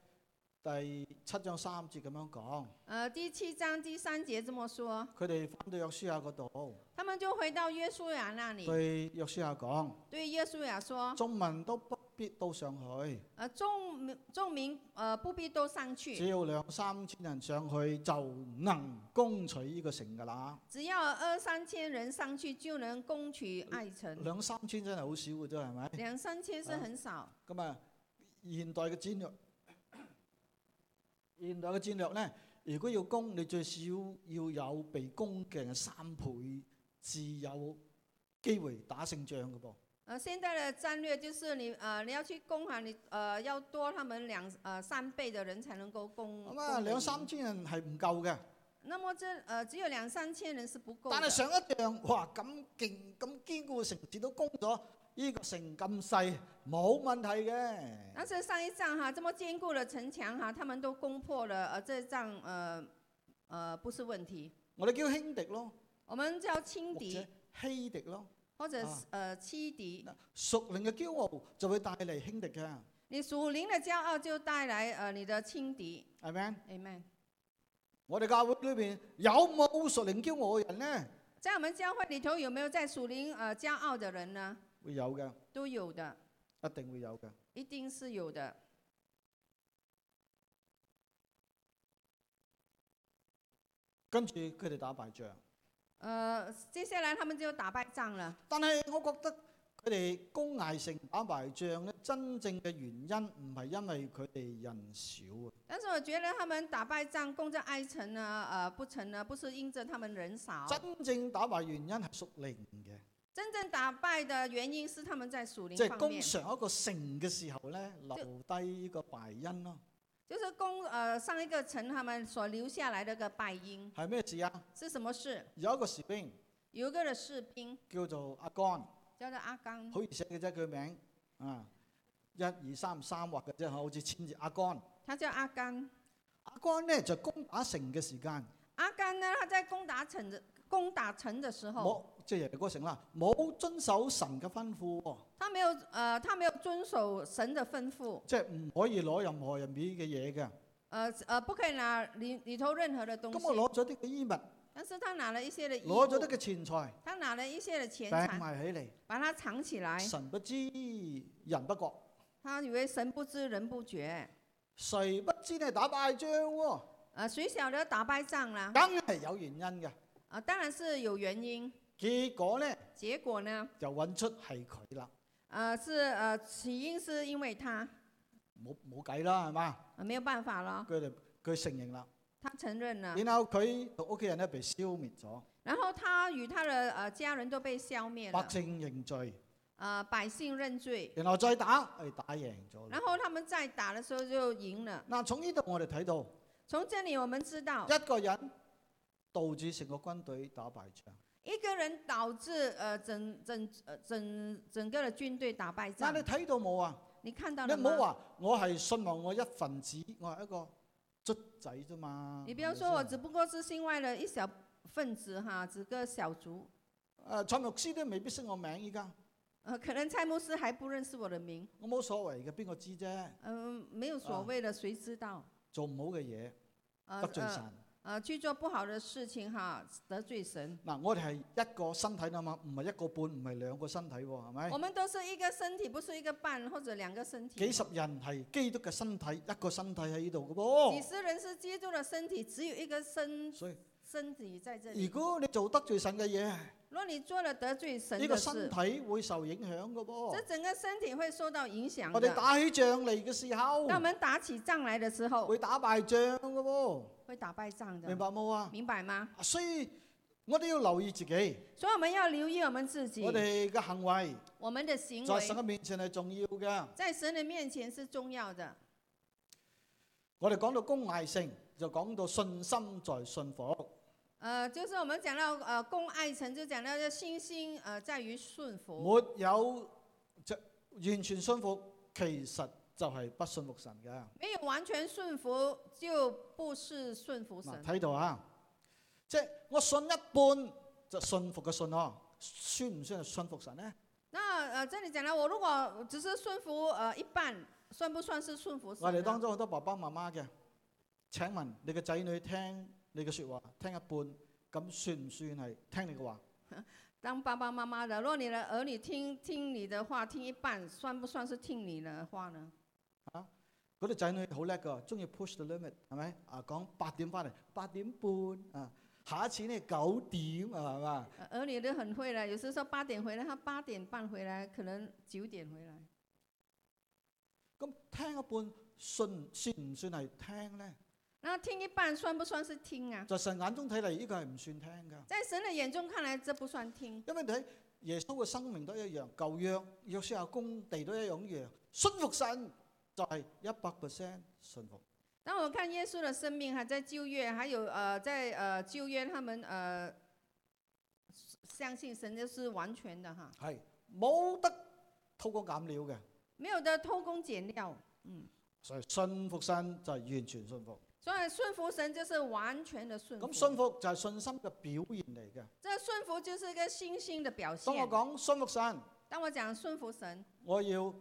第七章三節咁樣講。誒、呃，第七章第三節這麼說，佢哋翻到約書亞嗰度。他們就回到約書亞那裏，對約書亞講，對約書亞說。中文都不必都上去。啊，中中明誒，不必到三千。只要兩三千人上去就能攻取呢個城噶啦。只要二三千人上去就能攻取艾城。兩三千真係好少嘅啫，係咪？兩三千真係很少。咁啊，現代嘅戰略，現代嘅戰略咧，如果要攻，你最少要有被攻嘅三倍，自有機會打勝仗嘅噃。呃，現在的戰略就是你，呃，你要去攻啊，你，呃，要多他們兩，呃，三倍的人才能夠攻。咁啊，兩三千人係唔夠嘅。那麼，這，呃，只有兩三千人是不夠。但係上一仗，哇，咁勁，咁堅固嘅城市，都攻咗，呢個城咁細，冇問題嘅。但是上一仗哈、這個，這麼堅固的城牆哈，他們都攻破了，呃，這一仗，呃，呃，不是問題。我哋叫輕敵咯。我們叫輕敵。輕敵咯。或者，誒、呃，輕、啊、敵。屬靈嘅驕傲就會帶嚟輕敵㗎。你屬靈嘅驕傲就帶來，誒、呃，你的輕敵。係咪？係咪？我哋教會裏邊有冇屬靈驕傲嘅人呢？在我們教會裏頭，有冇有在屬靈誒驕傲嘅人呢？會有嘅。都有的。一定會有嘅。一定是有的。跟住佢哋打敗仗。誒、呃，接下來他們就要打敗仗了。但係我覺得佢哋攻艾城打敗仗咧，真正嘅原因唔係因為佢哋人少啊。但是我覺得他們打敗仗攻在艾城啊，誒、呃、不成啊，不是因著他們人少。真正打敗原因係屬靈嘅。真正打敗的原因是他們在屬靈即係攻上一個城嘅時候呢、就是、留低一個敗因咯。就是攻，呃，上一個城，他們所留下來那個敗因係咩事啊？是什麼事？有一個士兵，有一個的士兵叫做亞干，叫做亞干，好易寫嘅啫，佢名，啊，嗯、一二三三畫嘅啫，好似千字。亞干。他叫亞干，亞干呢，就攻打城嘅時間。亞干呢，他在攻打城，攻打城嘅時候。即係人哋個城啦，冇遵守神嘅吩咐、哦。他沒有，啊、呃，他沒有遵守神嘅吩咐。即係唔可以攞任何人俾嘅嘢嘅。呃，呃，不可以拿裏裏頭任何嘅東西。咁我攞咗啲衣物。但是他拿了一些的衣物。攞咗啲嘅錢財。他拿了一些的錢財。埋起嚟。把它藏起來。神不知，人不覺。他以為神不知人不覺。誰不知你打敗仗喎、哦？啊、呃，誰曉得打敗仗啦？當然係有原因嘅。啊、呃，當然是有原因。結果呢？結果呢？就揾出係佢啦。啊，是啊，呃、起因是因為他。冇冇計啦，係嘛？啊，沒有辦法啦。佢哋佢承認啦。他承認啦。然後佢屋企人呢，被消滅咗。然後他與他的啊家人都被消滅。百姓認罪、呃。百姓認罪。啊，百姓認罪。然後再打，係、哎、打贏咗。然後他們再打嘅時候就贏了。嗱，從呢度我哋睇到。從這裏我們知道。一個人導致成個軍隊打敗仗。一個人導致誒、呃、整整誒整整個的軍隊打敗仗。嗱，你睇到冇啊？你看到？你唔好話我係信望我，我一份子，我係一個卒仔咋嘛？你不要說我只不過是信望的一小分子哈，只、啊、個小卒。誒、呃，蔡牧師都未必識我名依家。誒、呃，可能蔡牧師還不認識我嘅名。我冇所謂嘅，邊個知啫。嗯、呃，沒有所謂嘅，誰知道？呃、做唔好嘅嘢，得、呃、罪去做不好的事情哈，得罪神。嗱，我哋係一個身體啊嘛，唔係一個半，唔係兩個身體，係咪？我們都是一個身體，不是一個半或者兩個身體。是幾十人係基督嘅身體，一個身體喺呢度嘅噃。幾十人是基督嘅身體，只有一個身，身體在這裏。如果你做得罪神嘅嘢。如果你做了得罪神的事，呢個身體會受影響噶噃。即整個身體會受到影響。我哋打起仗嚟嘅時候，當我們打起仗嚟嘅時候，會打敗仗噶噃。會打敗仗的，明白冇啊？明白嗎？所以我哋要留意自己。所以我們要留意我們自己。我哋嘅行為，我們嘅行為，在神嘅面前係重要嘅。在神嘅面前是重要的。我哋講到公義性，就講到信心在信服。呃就是我們講到呃攻艾城就講到叫信心，呃在於順服。沒有即完全順服，其實就係不順服神嘅。沒有完全順服就不是順服神。睇到啊，即我信一半就順服嘅信哦，算唔算係順服神呢？那誒，這、呃、裏講啦，我如果只是順服呃一半，算不算是順服神？我哋當中好多爸爸媽媽嘅，請問你嘅仔女聽？你嘅説話聽一半，咁算唔算係聽你嘅話？當爸爸媽媽嘅，如果你嘅兒女聽聽你嘅話，聽一半，算唔算是聽你嘅話呢？啊，嗰啲仔女好叻㗎，中意 push the limit，係咪？啊，講八點翻嚟，八點半，啊，下次呢九點，係咪啊？兒女都很會啦，有時話八點回嚟，佢八點半回來，可能九點回來。咁聽一半，算算唔算係聽呢？那聽一半算不算是聽啊？在神眼中睇嚟，呢個係唔算聽噶。在神嘅眼中看嚟，這不算聽。因為你睇耶穌嘅生命都一樣，舊約、約書亞工地都一樣一樣。信服神就係一百 percent 信服。當我看耶穌嘅生命、啊，還在舊約，還有誒、呃，在誒舊約，他們誒、呃、相信神就是完全嘅。哈。係冇得偷工減料嘅。沒有得偷工減料。嗯。所以信服神就係完全信服。所以信服神就是完全的信服。咁信服就係信心嘅表現嚟嘅。即這信服就是一個星星嘅表現。當我講信服神。當我講信服神。我要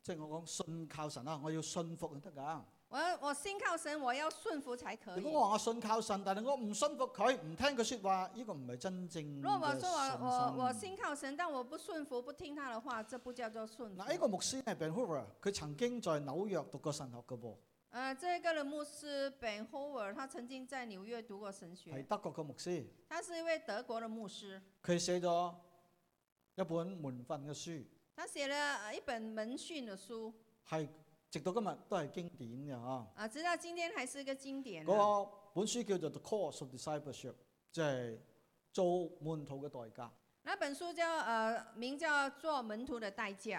即係我講信靠神啊！我要信服就得噶。我我信靠神，我要信服才可以。如果我話我信靠神，但係我唔信服佢，唔聽佢說話，呢、這個唔係真正嘅信心。如果我話我我，我信靠神，但我不信服，不聽他的話，這不叫做信。嗱，呢個牧師係 Ben Hoover，佢曾經在紐約讀過神學嘅噃。誒、啊，這個的牧師 Bonhoeffer，他曾經在紐約讀過神學。係德國嘅牧師。他是一位德國嘅牧師。佢寫咗一本門訓嘅書。他寫了一本門訓嘅書。係，直到今日都係經典嘅嗬、啊。啊，直到今天還是一個經典的、啊。嗰、那個、本書叫做《The Cost of Discipleship》，即係做門徒嘅代價。那本書叫誒、呃，名叫做《門徒的代價》。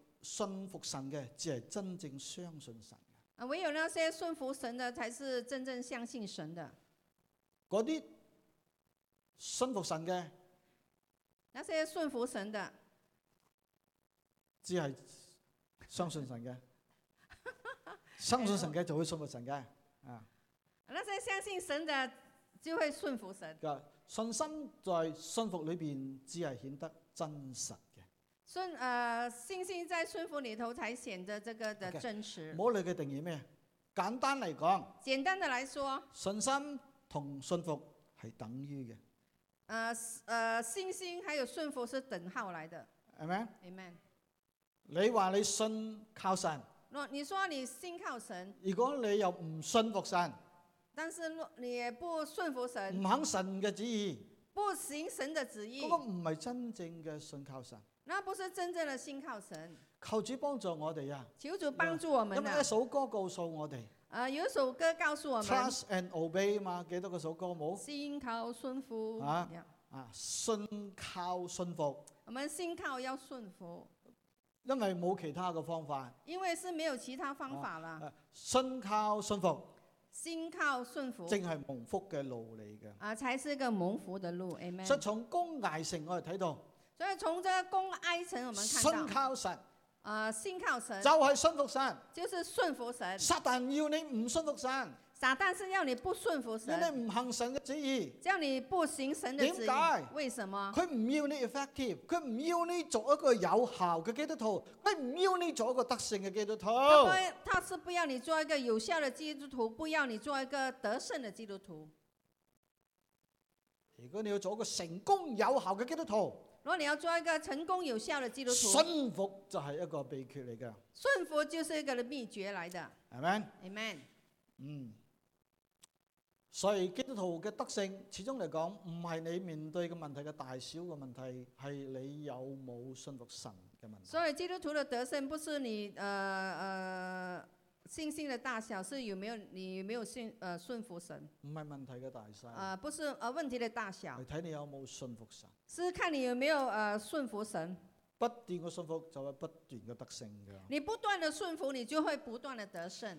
信服神嘅，只係真正相信神啊，唯有那些信服神嘅，才是真正相信神的。嗰啲信服神嘅，那些信服神嘅，只係相信神嘅。 相信神嘅就會信服神嘅，啊。那些相信神嘅，就會信服神。信心在信服裏邊，只係顯得真實。信，誒、呃，信心在信服裏頭才顯得這個的真實。唔好理佢定義咩，簡單嚟講。簡單嘅來說，信心同信服係等於嘅。誒、呃、誒、呃，信心還有信服是等號嚟嘅。係咪？Amen。你話你信靠神，你說你信靠神，如果你又唔信服神，但是若你也不信服神，唔肯神嘅旨意，不行神嘅旨意，嗰、那個唔係真正嘅信靠神。那不是真正的信靠神，求主幫助我哋啊！求主幫助我們、啊。咁、啊、有一首歌告訴我哋。啊，有首歌告訴我。Trust and obey 嘛，記得嗰首歌冇？信靠順服啊啊，信靠順服。啊啊、信靠信服我們信靠要順服，因為冇其他嘅方法。因為是沒有其他方法啦。信、啊、靠順服，信靠順服，正係蒙福嘅路嚟嘅。啊，才是一個蒙福嘅路。阿門。從工藝城我哋睇到。所以從這個攻艾城，我們看到，啊、呃，信靠神就係、是、信服神，就是順服神。撒旦要你唔信服神，撒旦是要你不信服神，你唔行神嘅旨意，叫你不行神嘅旨意，為什麼？佢唔要你 effective，佢唔要你做一個有效嘅基督徒，佢唔要你做一個得勝嘅基督徒。因他他是不要你做一個有效嘅基督徒，不要你做一個得勝嘅基督徒。如果你要做一個成功有效嘅基督徒。如果你要做一個成功有效的基督徒，信服就係一個秘訣嚟噶信服就係一個秘訣嚟嘅，係咪？Amen, Amen. 嗯，所以基督徒嘅得勝始終嚟講，唔係你面對嘅問題嘅大小嘅問題，係你有冇信服神嘅問題。所以基督徒嘅得勝，不是你誒誒。呃呃星星的大小是有沒有你有沒有信？呃順服神唔係問題嘅大細。啊，不是啊，問題嘅大小你睇你有冇信服神。是,、呃是呃、看你有沒有,信試試有,沒有呃順服神。不斷嘅信服就會不斷嘅得勝嘅。你不斷嘅信服，你就會不斷嘅得勝。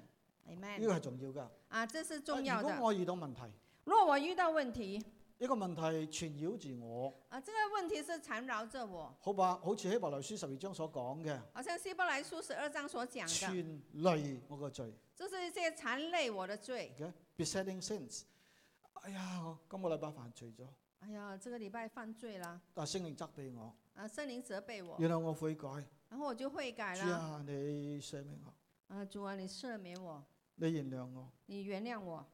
係咪？呢個係重要噶。啊，這是重要、啊。如果我遇到問題。若我遇到問題。一個問題纏繞住我。啊，這個問題是纏繞着我。好吧，好似希伯來書十二章所講嘅。好像希伯來書十二章所講嘅。纏累我個罪。就是一些纏累我的罪。嘅、okay?，besetting sins。哎呀，我今個禮拜犯罪咗。哎呀，這個禮拜犯罪啦。但聖靈責備我。啊，聖靈責備我。原來我悔改。然後我就會改啦。啊，你赦免我。啊，主啊，你赦免我。你原諒我。你原諒我。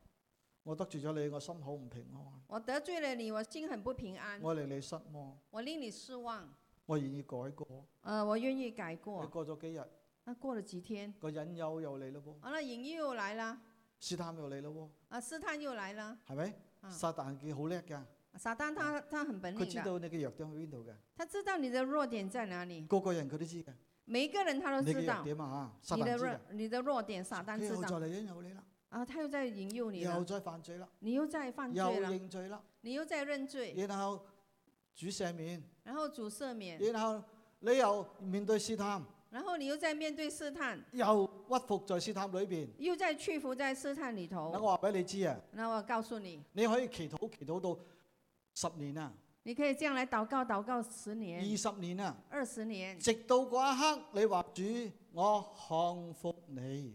我得罪咗你，我心好唔平安。我得罪了你，我心很不平安。我令你失望。我令你失望。我願意改過。誒、呃，我願意改過。你過咗幾日？那、啊、過了幾天？個引誘又嚟咯。噃。啊，那引誘又嚟啦。試探又嚟咯。喎。啊，試探又嚟啦。係咪？撒旦佢好叻㗎。撒旦他他很本領㗎。佢知道你嘅弱點喺邊度㗎？他知道你的弱點在哪裏。個個人佢都知嘅、啊，每個人他都知道。點啊？你的弱，、啊你，的弱啊、你，的你的弱點。撒旦知道。你啊！他又在引誘你了，又再犯罪啦！你又在犯罪啦！又認罪啦！你又在認罪。然後主赦免，然後主赦免。然後你又面對試探，然後你又在面對試探，又屈服在試探裏邊，又在屈服在試探裏頭。我話俾你知啊！那我告訴你，你可以祈禱祈禱到十年啊！你可以這樣嚟禱告禱告十年、二十年啊！二十年，直到嗰一刻，你話主，我降服你。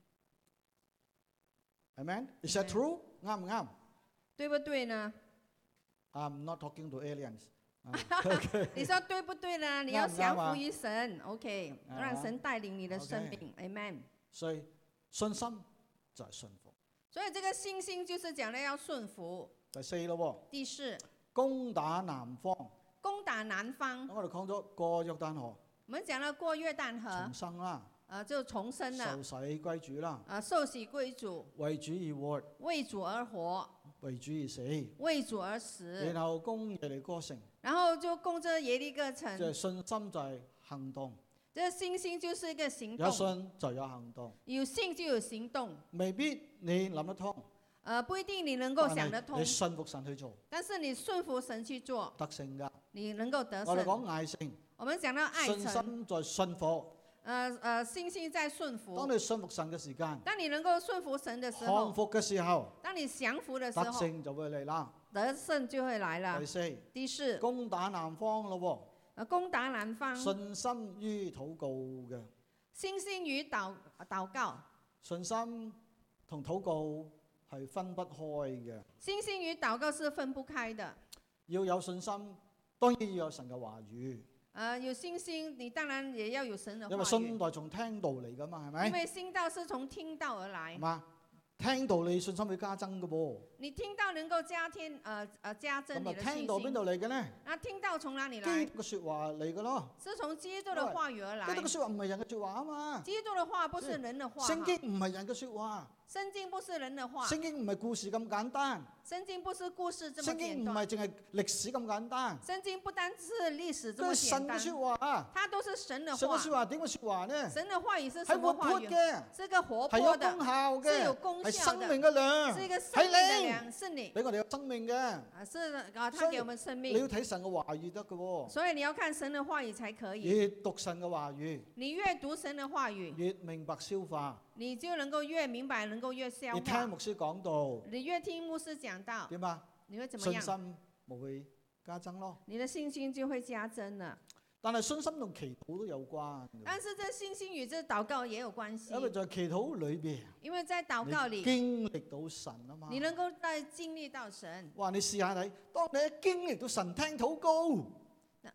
Amen，Is that true? 啱唔啱，對不對呢？I'm not talking to aliens. OK， 你說對不對呢？你要降服於神，OK，讓神帶領你的生命。Okay. Amen。所以，信心就係順服。所以這個信心就是講了要順服。第四了。第四。攻打南方。攻打南方。我哋講咗過約旦河。我們講咗過約旦河。從商啊。啊！就重生啦！受洗歸主啦！啊！受洗歸主，為主而活，為主而活，為主而活，為主而死，為主而死。然後供耶利哥城，然後就供咗耶利哥城。即係信心就係行動，即係信心就是一個行動，有信就有行動，有信就有行動。未必你諗得通，啊、呃！不一定你能夠想得通。你信服神去做，但是你信服神去做得勝噶，你能夠得勝。我哋講愛心，我們講到愛心，信心在信服。誒、呃、誒、呃，信心在順服。當你順服神嘅時間，當你能夠順服神嘅時候，降服嘅時候，當你降服嘅時候，得勝就會嚟啦。得勝就會嚟了。第四，第四，攻打南方咯。誒，攻打南方。信心與禱告嘅，信心與禱禱告。信心同禱告係分不開嘅。信心與禱告是分不開嘅，要有信心，當然要有神嘅話語。誒、呃，有信心，你當然也要有神的話語。因為信道從聽道嚟噶嘛，係咪？因為信道是從聽道而來。嘛，聽道你信心會加增噶噃。你聽到能夠加添，誒、呃、誒，加增你的信心。聽道邊度嚟嘅呢？那聽道從哪裏嚟？基督個說話嚟噶咯。是從基督的話語而來。基督嘅說話唔係人嘅說話嘛。基督嘅話不是人嘅話是。聖經唔係人嘅說話。啊。聖經不是人的話，聖經唔係故事咁簡單。聖經不是故事這麼簡單。聖經唔係淨係歷史咁簡單。聖經不單只是歷史這麼簡單。都、就是、神嘅話，佢都係神嘅。什麼說話？點嘅說話呢？神嘅話語係什麼話語？係個活潑嘅，係有功效嘅，係生命嘅糧。睇你，俾我哋生命嘅。啊，是啊，佢俾我們生命。你要睇神嘅話語得嘅。所以你要看神嘅話、哦、話語才可以。越讀神嘅話語，你越讀神嘅話語，越明白消化。你就能夠越明白，能夠越消化。你聽牧師講道，你越聽牧師講道，點啊？你會怎麼樣？信心咪會加增咯。你的信心就會加增啦。但係信心同祈禱都有關。但是，這信心與這禱告也有關係。因為在祈禱裏邊，因為在禱告裏，經歷到神啊嘛。你能夠再經歷到神。哇！你試下睇，當你一經歷到神，聽禱告。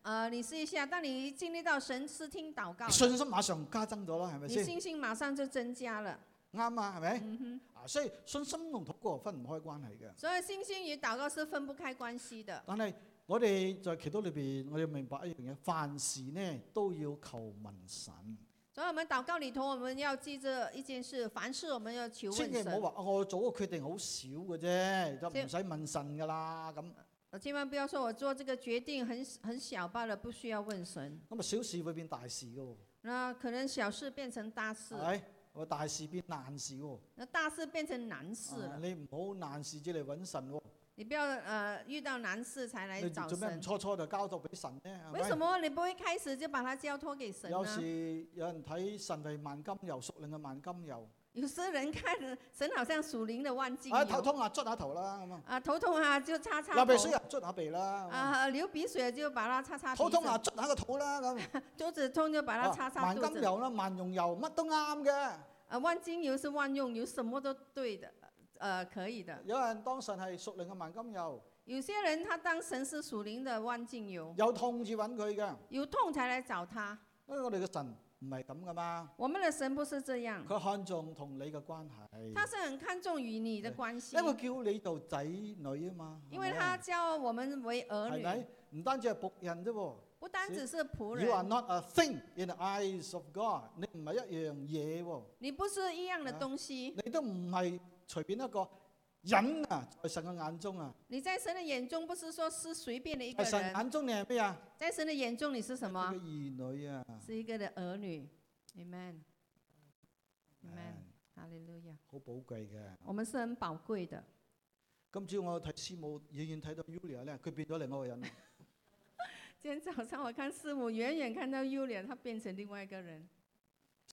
啊、呃，你試一下，當你經歷到神私聽禱告，信心馬上加增咗啦，係咪先？信心馬上就增加了，啱啊，係咪、啊？所以信心同禱告分唔開關係嘅。所以信心與禱告是分不開關係嘅。但係我哋在祈禱裏邊，我要明白一樣嘢，凡事呢都要求問神。所以，我們禱告裏頭，我們要記着一件事，凡事我們要求問神。千祈唔好話我做個決定好少嘅啫，就唔使問神噶啦咁。我千萬不要說我做這個決定很很小罷了，不需要問神。咁啊，小事會變大事㗎、哦。那可能小事變成大事、啊。我大事變難事喎、哦。那大事變成難事。你唔好難事就嚟揾神喎。你不要誒、呃，遇到難事才嚟找、哦呃、找神。你做咩唔初初就交託俾神呢？為什麼你不會開始就把它交託給神呢？有時有人睇神為萬金油，屬靈嘅萬金油。有些人看神好像屬靈的萬金油，啊頭痛啊捽下頭啦咁啊，啊頭痛啊就擦擦，流鼻水啊捽下鼻啦，啊流鼻水就把它擦擦，頭痛啊捽下個肚啦咁、啊啊啊啊啊，肚子痛就把它擦擦，萬金油啦萬用油乜都啱嘅，啊萬金油是萬用，有什麼都對的，呃可以的。有人當神係屬靈嘅萬金油，有些人他當神是屬靈嘅萬金油，有痛就搵佢噶，有痛才嚟找他。因為我哋嘅神。唔係咁噶嘛，我們的神不是這樣。佢看重同你嘅關係，他是很看重與你的關係。因為叫你做仔女啊嘛，因為他教我們為兒女，唔單止係僕人啫喎。不單止是僕人、人。You are not a thing in the eyes of God，你唔係一樣嘢喎。你不是一樣嘅東西。你都唔係隨便一個。人啊，在神嘅眼中啊！你在神嘅眼中，不是說是隨便的一個人。喺神眼中你係咩啊？在神嘅眼中你是什麼？一個兒女啊！是一個的兒女，amen，amen，哈利路亞，好寶貴嘅。我們是很寶貴的。今朝我睇師母遠遠睇到 Yulia 咧，佢變咗另外一個人。 今天早上我看師母遠遠看到 Yulia，佢變成另外一個人。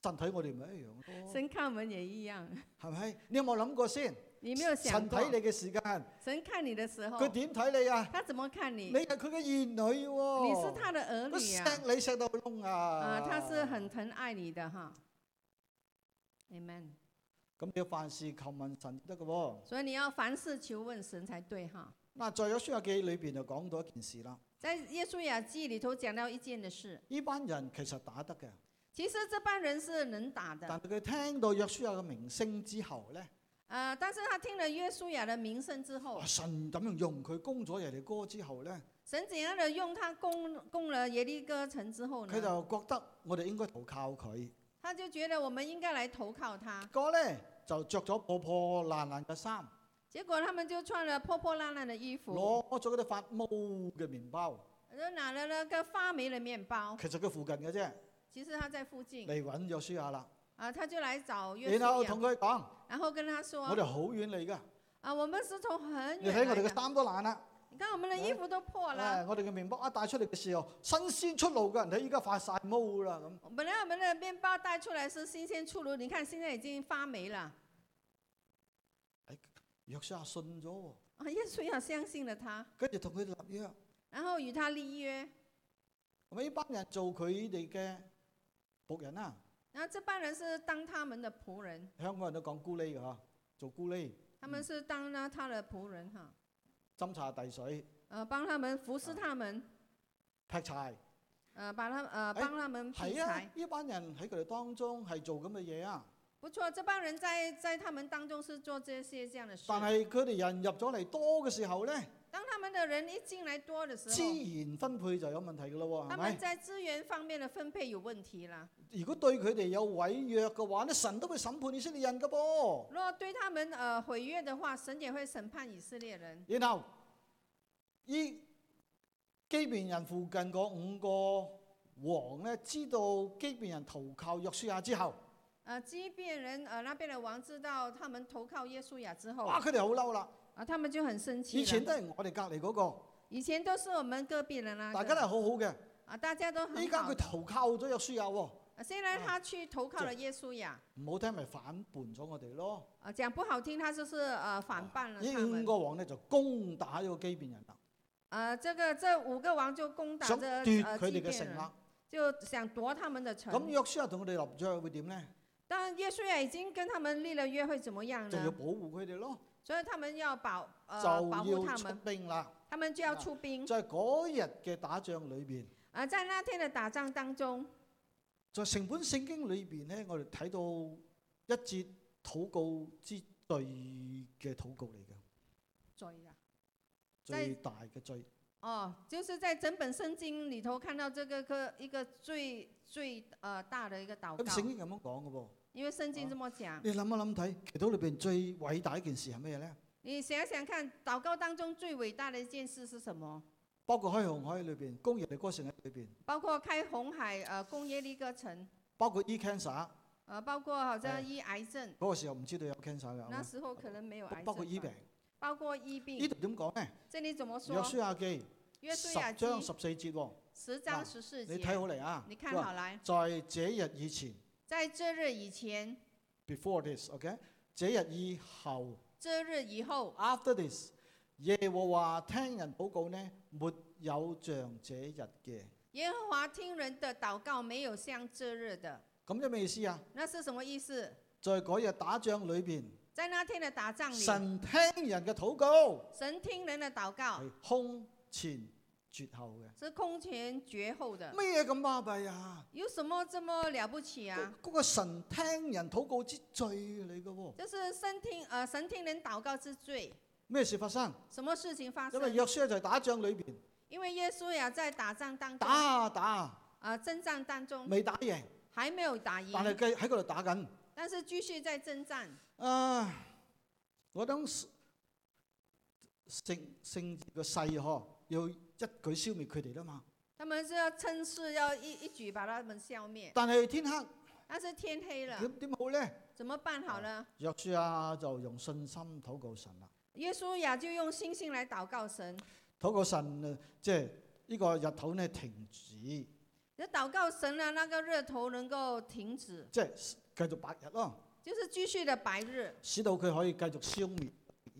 身體我哋唔一樣。神看我們也一樣。係咪？你有冇諗過先？你沒有想神睇你嘅時間，神看你的時候，佢點睇你啊？他怎麼看你？你係佢嘅兒女喎、哦，你是他的兒女啊！錫你錫到窿啊！啊，他是很疼愛你的哈。Amen。咁你要凡事求問神得嘅喎。所以你要凡事求問神才對哈。嗱，在《約書亞記》裏邊就講到一件事啦。在《約書亞記》裏頭講到一件的事。呢班人其實打得嘅。其實這班人是能打的。但係佢聽到約書亞嘅名聲之後咧。啊、但是他聽了約書亞的名聲之後，神怎樣用佢攻咗耶利哥之後呢，神怎樣嚟用他攻攻，攻了耶利哥城之後呢？佢就覺得我哋應該投靠佢。他就覺得我們應該來投靠他。哥呢就着咗破破爛爛嘅衫，結果他們就穿咗破破爛爛的衣服。攞咗嗰啲發毛嘅麵包，佢拿了那個發霉嘅麵包。其實佢附近嘅啫，其實他在附近嚟揾約書亞啦。啊，他就嚟找約書亞然後同佢講然後跟他說，我哋好遠嚟噶。啊，我們是從很遠嚟嘅。你睇我哋嘅衫都爛啦。你看我們的衣服都破啦。我哋嘅麵包一帶出嚟嘅時候，新鮮出爐嘅，睇依家發晒毛啦咁。本來我們的麵包帶出嚟是新鮮出爐，你看現在已經發霉啦。誒、哎，約書亞信咗、啊。耶穌又相信了佢，跟住同佢立約。然後與他立約。我啊，一班人做佢哋嘅僕人啊。然後這班人是當他們的僕人。香港人都講咕喱嘅嗬，做咕喱。他們是當呢他的僕人哈。斟、嗯、茶遞水。誒、呃，幫他們服侍他們。啊、劈柴。誒、呃呃哎，幫他們劈柴。係啊，呢班人喺佢哋當中係做咁嘅嘢啊。不錯，這幫人在在他們當中是做這些這樣的事。但係佢哋人入咗嚟多嘅時候咧？當他們的人一進來多的時候，資源分配就有問題咯，係咪？他們在資源方面的分配有問題啦。如果對佢哋有毀約嘅話，呢神都會審判以色列人噶噃。若對他們呃毀約的話，神也會審判以色列人。然後，二基遍人附近嗰五個王呢，知道基遍人投靠約書亞之後，啊、呃，基遍人啊、呃，那邊嘅王知道他們投靠耶穌亞之後，哇，佢哋好嬲啦。他們啊！他們就很生氣。以前都係我哋隔籬嗰個。以前都是我們隔壁人啦。大家都係好好嘅。啊，大家都。依家佢投靠咗約書亞。啊，現在他去投靠咗約書亞。唔、啊、好聽，咪反叛咗我哋咯。啊，講不好聽，他就是啊反叛了。五、啊、個王呢就攻打呢個基遍人啦。啊，這個這五個王就攻打。想奪佢哋嘅城啦。就想奪他們的城。咁約書亞同佢哋立咗，會點呢？但約書亞已經跟他們立了約，會怎麼樣呢？就要保護佢哋咯。所以他們要保，呃、就要保護他們兵，他們就要出兵。在嗰日嘅打仗裏邊，啊，在那天嘅打仗當中，在、就、成、是、本聖經裏邊咧，我哋睇到一節禱告之最嘅禱告嚟嘅。最啊，最大嘅最哦，就是在整本聖經裏頭看到這個個一個最最誒、呃、大的一個禱告。咁聖經咁樣講嘅噃？因為聖經這麼講，啊、你諗一諗睇，祈禱裏邊最偉大一件事係咩咧？你想一想看，禱告當中最偉大的一件事是什麼？包括開紅海裏邊，耶利哥城喺裏邊。包括開紅海，誒、呃，耶利哥城，包括醫 cancer，誒、呃，包括好似醫癌症。嗰、哎那個時候唔知道有 cancer 那時候可能沒有癌症。包括醫病。包括醫病。么呢度點講咧？這裏怎麼說？約書亞記約書亞記十章十四節喎。十章十四節，你睇好嚟啊！你看好嚟、啊啊。在這日以前。在這日以前，before this，OK？Okay？這日以後，這日以後，after this，耶和華聽人禱告呢，沒有像這日嘅。耶和華聽人的禱告沒有像這日的。咁有咩意思啊？那是什麼意思？在嗰日打仗裏邊，在那天的打仗裏，神聽人嘅禱告，神聽人的禱告，空前。絕後嘅，是空前絕後的。咩嘢咁巴閉啊？有什麼這麼了不起啊？嗰個,個神聽人禱告之罪嚟嘅喎。就是神聽，誒、呃，神聽人禱告之罪。咩事發生？什麼事情發生？因為約書亞在打仗裏邊。因為耶穌也在打仗當中。打打啊、呃！征戰當中。未打贏。還沒有打贏。但係繼喺嗰度打緊。但是繼續在征戰。啊、呃，我當時聖聖個誓嗬一舉消滅佢哋啦嘛！他們要趁勢要一一舉把他們消滅。但係天黑。但是天黑啦。點點好咧？怎麼辦好咧？約書亞就用信心禱告神啦。約書亞就用信心來禱告神。禱告神，即係呢個日頭呢停止。你禱告神啦，那個日頭能夠停止。即係繼續白日咯。就是繼續的白日。使到佢可以繼續消滅。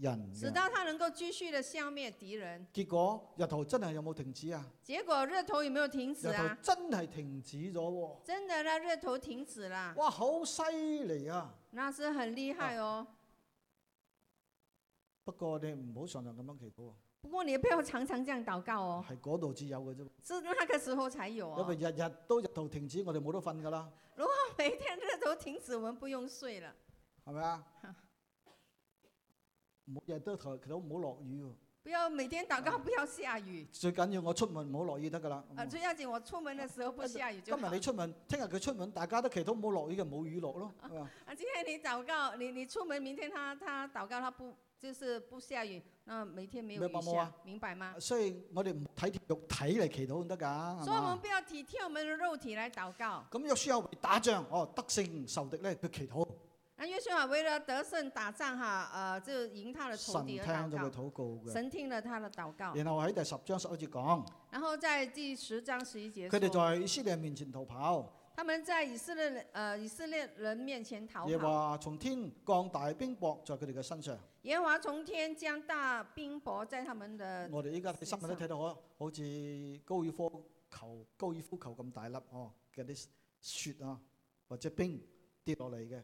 人直到他能夠繼續的消滅敵人。結果日頭真係有冇停止啊？結果日頭有沒有停止啊？真係停止咗喎！真的，那日頭停止啦！哇，好犀利啊！那是很厲害哦、啊啊。不過你唔好常常咁樣祈禱、啊。不過你不要常常這樣禱告哦、啊。係嗰度至有嘅啫。是那個時候才有啊。因為日日都日頭停止，我哋冇得瞓噶啦。如、啊、果每天日頭停止，我們不用睡了。係咪？啊？每日都祈禱唔好落雨。不要每天禱告，不要下雨。啊、最緊要我出門唔好落雨得噶啦。啊，啊最要緊我出門嘅時候不下雨就、啊。今日你出門，聽日佢出門，大家都祈禱唔好落雨嘅，冇雨落咯。啊，今天你禱告，你你出門，明天他他禱告，他，告他不就是不下雨？那每天沒有雨下，明白嗎？白嗎啊、所以，我哋唔體貼肉體嚟祈禱得噶，所以我們不要體貼我們的肉體嚟禱告。咁約書亞打仗，哦，得勝仇敵咧，佢祈禱。阿約書亞為了得勝打仗，哈，誒，就贏他的仇敵而禱告。神聽咗佢禱告嘅。神聽了他的禱告。然後喺第十章十一節講。然後在第十章十一節。佢哋在以色列面前逃跑。他們在以色列誒、呃、以色列人面前逃跑。耶華從天降大冰雹在佢哋嘅身上。耶華從天降大冰雹在他們的身上。我哋依家睇新聞都睇到，可好似高爾夫球、高爾夫球咁大粒哦嘅啲雪啊或者冰跌落嚟嘅。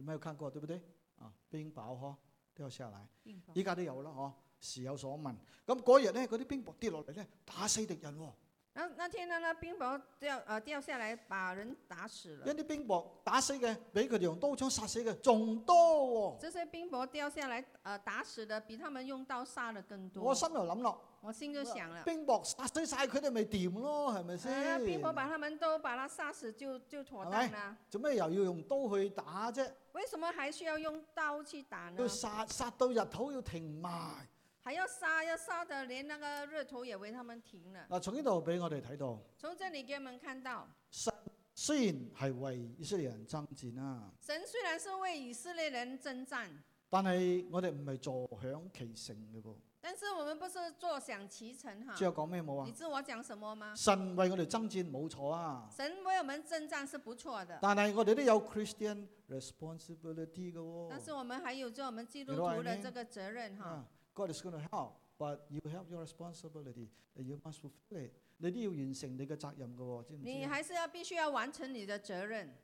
你沒有看過對不對？啊，冰雹嗬掉下來，依家都有啦嗬、啊，時有所聞。咁嗰日咧，嗰啲冰雹跌落嚟咧，打死敵人喎。那那天呢，冰雹掉啊、哦掉、呃、掉下來，把人打死了。一啲冰雹打死嘅，比佢哋用刀槍殺死嘅仲多。這些冰雹掉下來，誒，打死的比他們用刀殺的，更多、哦呃、的刀殺更多。我心又諗落。我心就想了，冰雹殺死晒佢哋咪掂咯，係咪先？啊，冰雹把他們都把他殺死就就妥當啦。做咩又要用刀去打啫？為什麼還需要用刀去打呢？要殺殺到日頭要停埋，還要殺要殺得連那個日頭也為他們停了。嗱，從呢度俾我哋睇到，從這裏給我們看到，神雖然係為以色列人爭戰啊，神雖然是為以色列人爭戰，但係我哋唔係坐享其成嘅噃。但是我們不是坐享其成哈，知道講咩冇啊？你知我講什麼嗎？神為我哋征戰冇錯啊！神為我們征戰是不錯的。但係我哋都有 Christian responsibility 㗎喎。但是我們還有做我們基督徒的這個責任哈。God is going to help，but you have your responsibility，and you must fulfil。你都要完成你嘅責任㗎喎，你還是要必須要完成你的責任。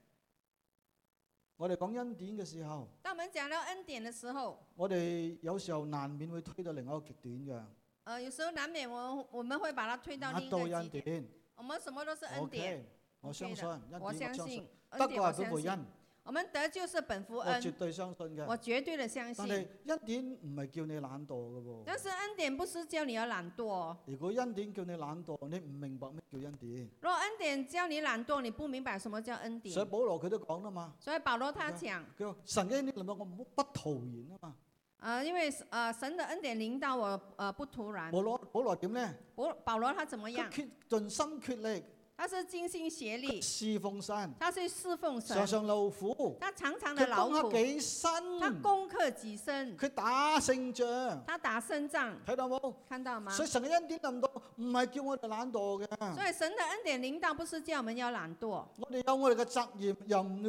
我哋講恩典嘅時候，當我們講到恩典嘅時候，我哋有時候難免會推到另外一個極端嘅、呃。有時候難免我們我們會把它推到另外一個極端。那都恩典，我們什麼都是恩典。Okay, 我相信，恩典我相信，我相信，得嘅係佢嘅恩。我我們得救是本乎恩，我絕對相信嘅，我絕對的相信。但係恩典唔係叫你懶惰嘅喎。但是恩典不是叫你要懶、哦、懶惰。如果恩典叫你懶惰，你唔明白咩叫恩典。若恩典叫你懶惰，你不明白什麼叫恩典。所以保羅佢都講啦嘛。所以保羅他講，叫神嘅恩典令到我唔好不徒然啊嘛。啊，因為啊神的恩典臨到我啊不、呃呃、不徒然。保羅保羅點咧？我保羅他怎麼樣？麼樣決盡心決力。他是精心協力，他侍奉神。他是侍奉神，常常勞苦，他常常的勞苦。佢攻克己身，他攻克己身。佢打勝仗，他打勝仗。睇到冇？看到嗎？所以神的恩典臨到，唔係叫我哋懶惰嘅。所以神的恩典臨到，不是叫我們要懶惰。我哋有我哋嘅責任，需要去完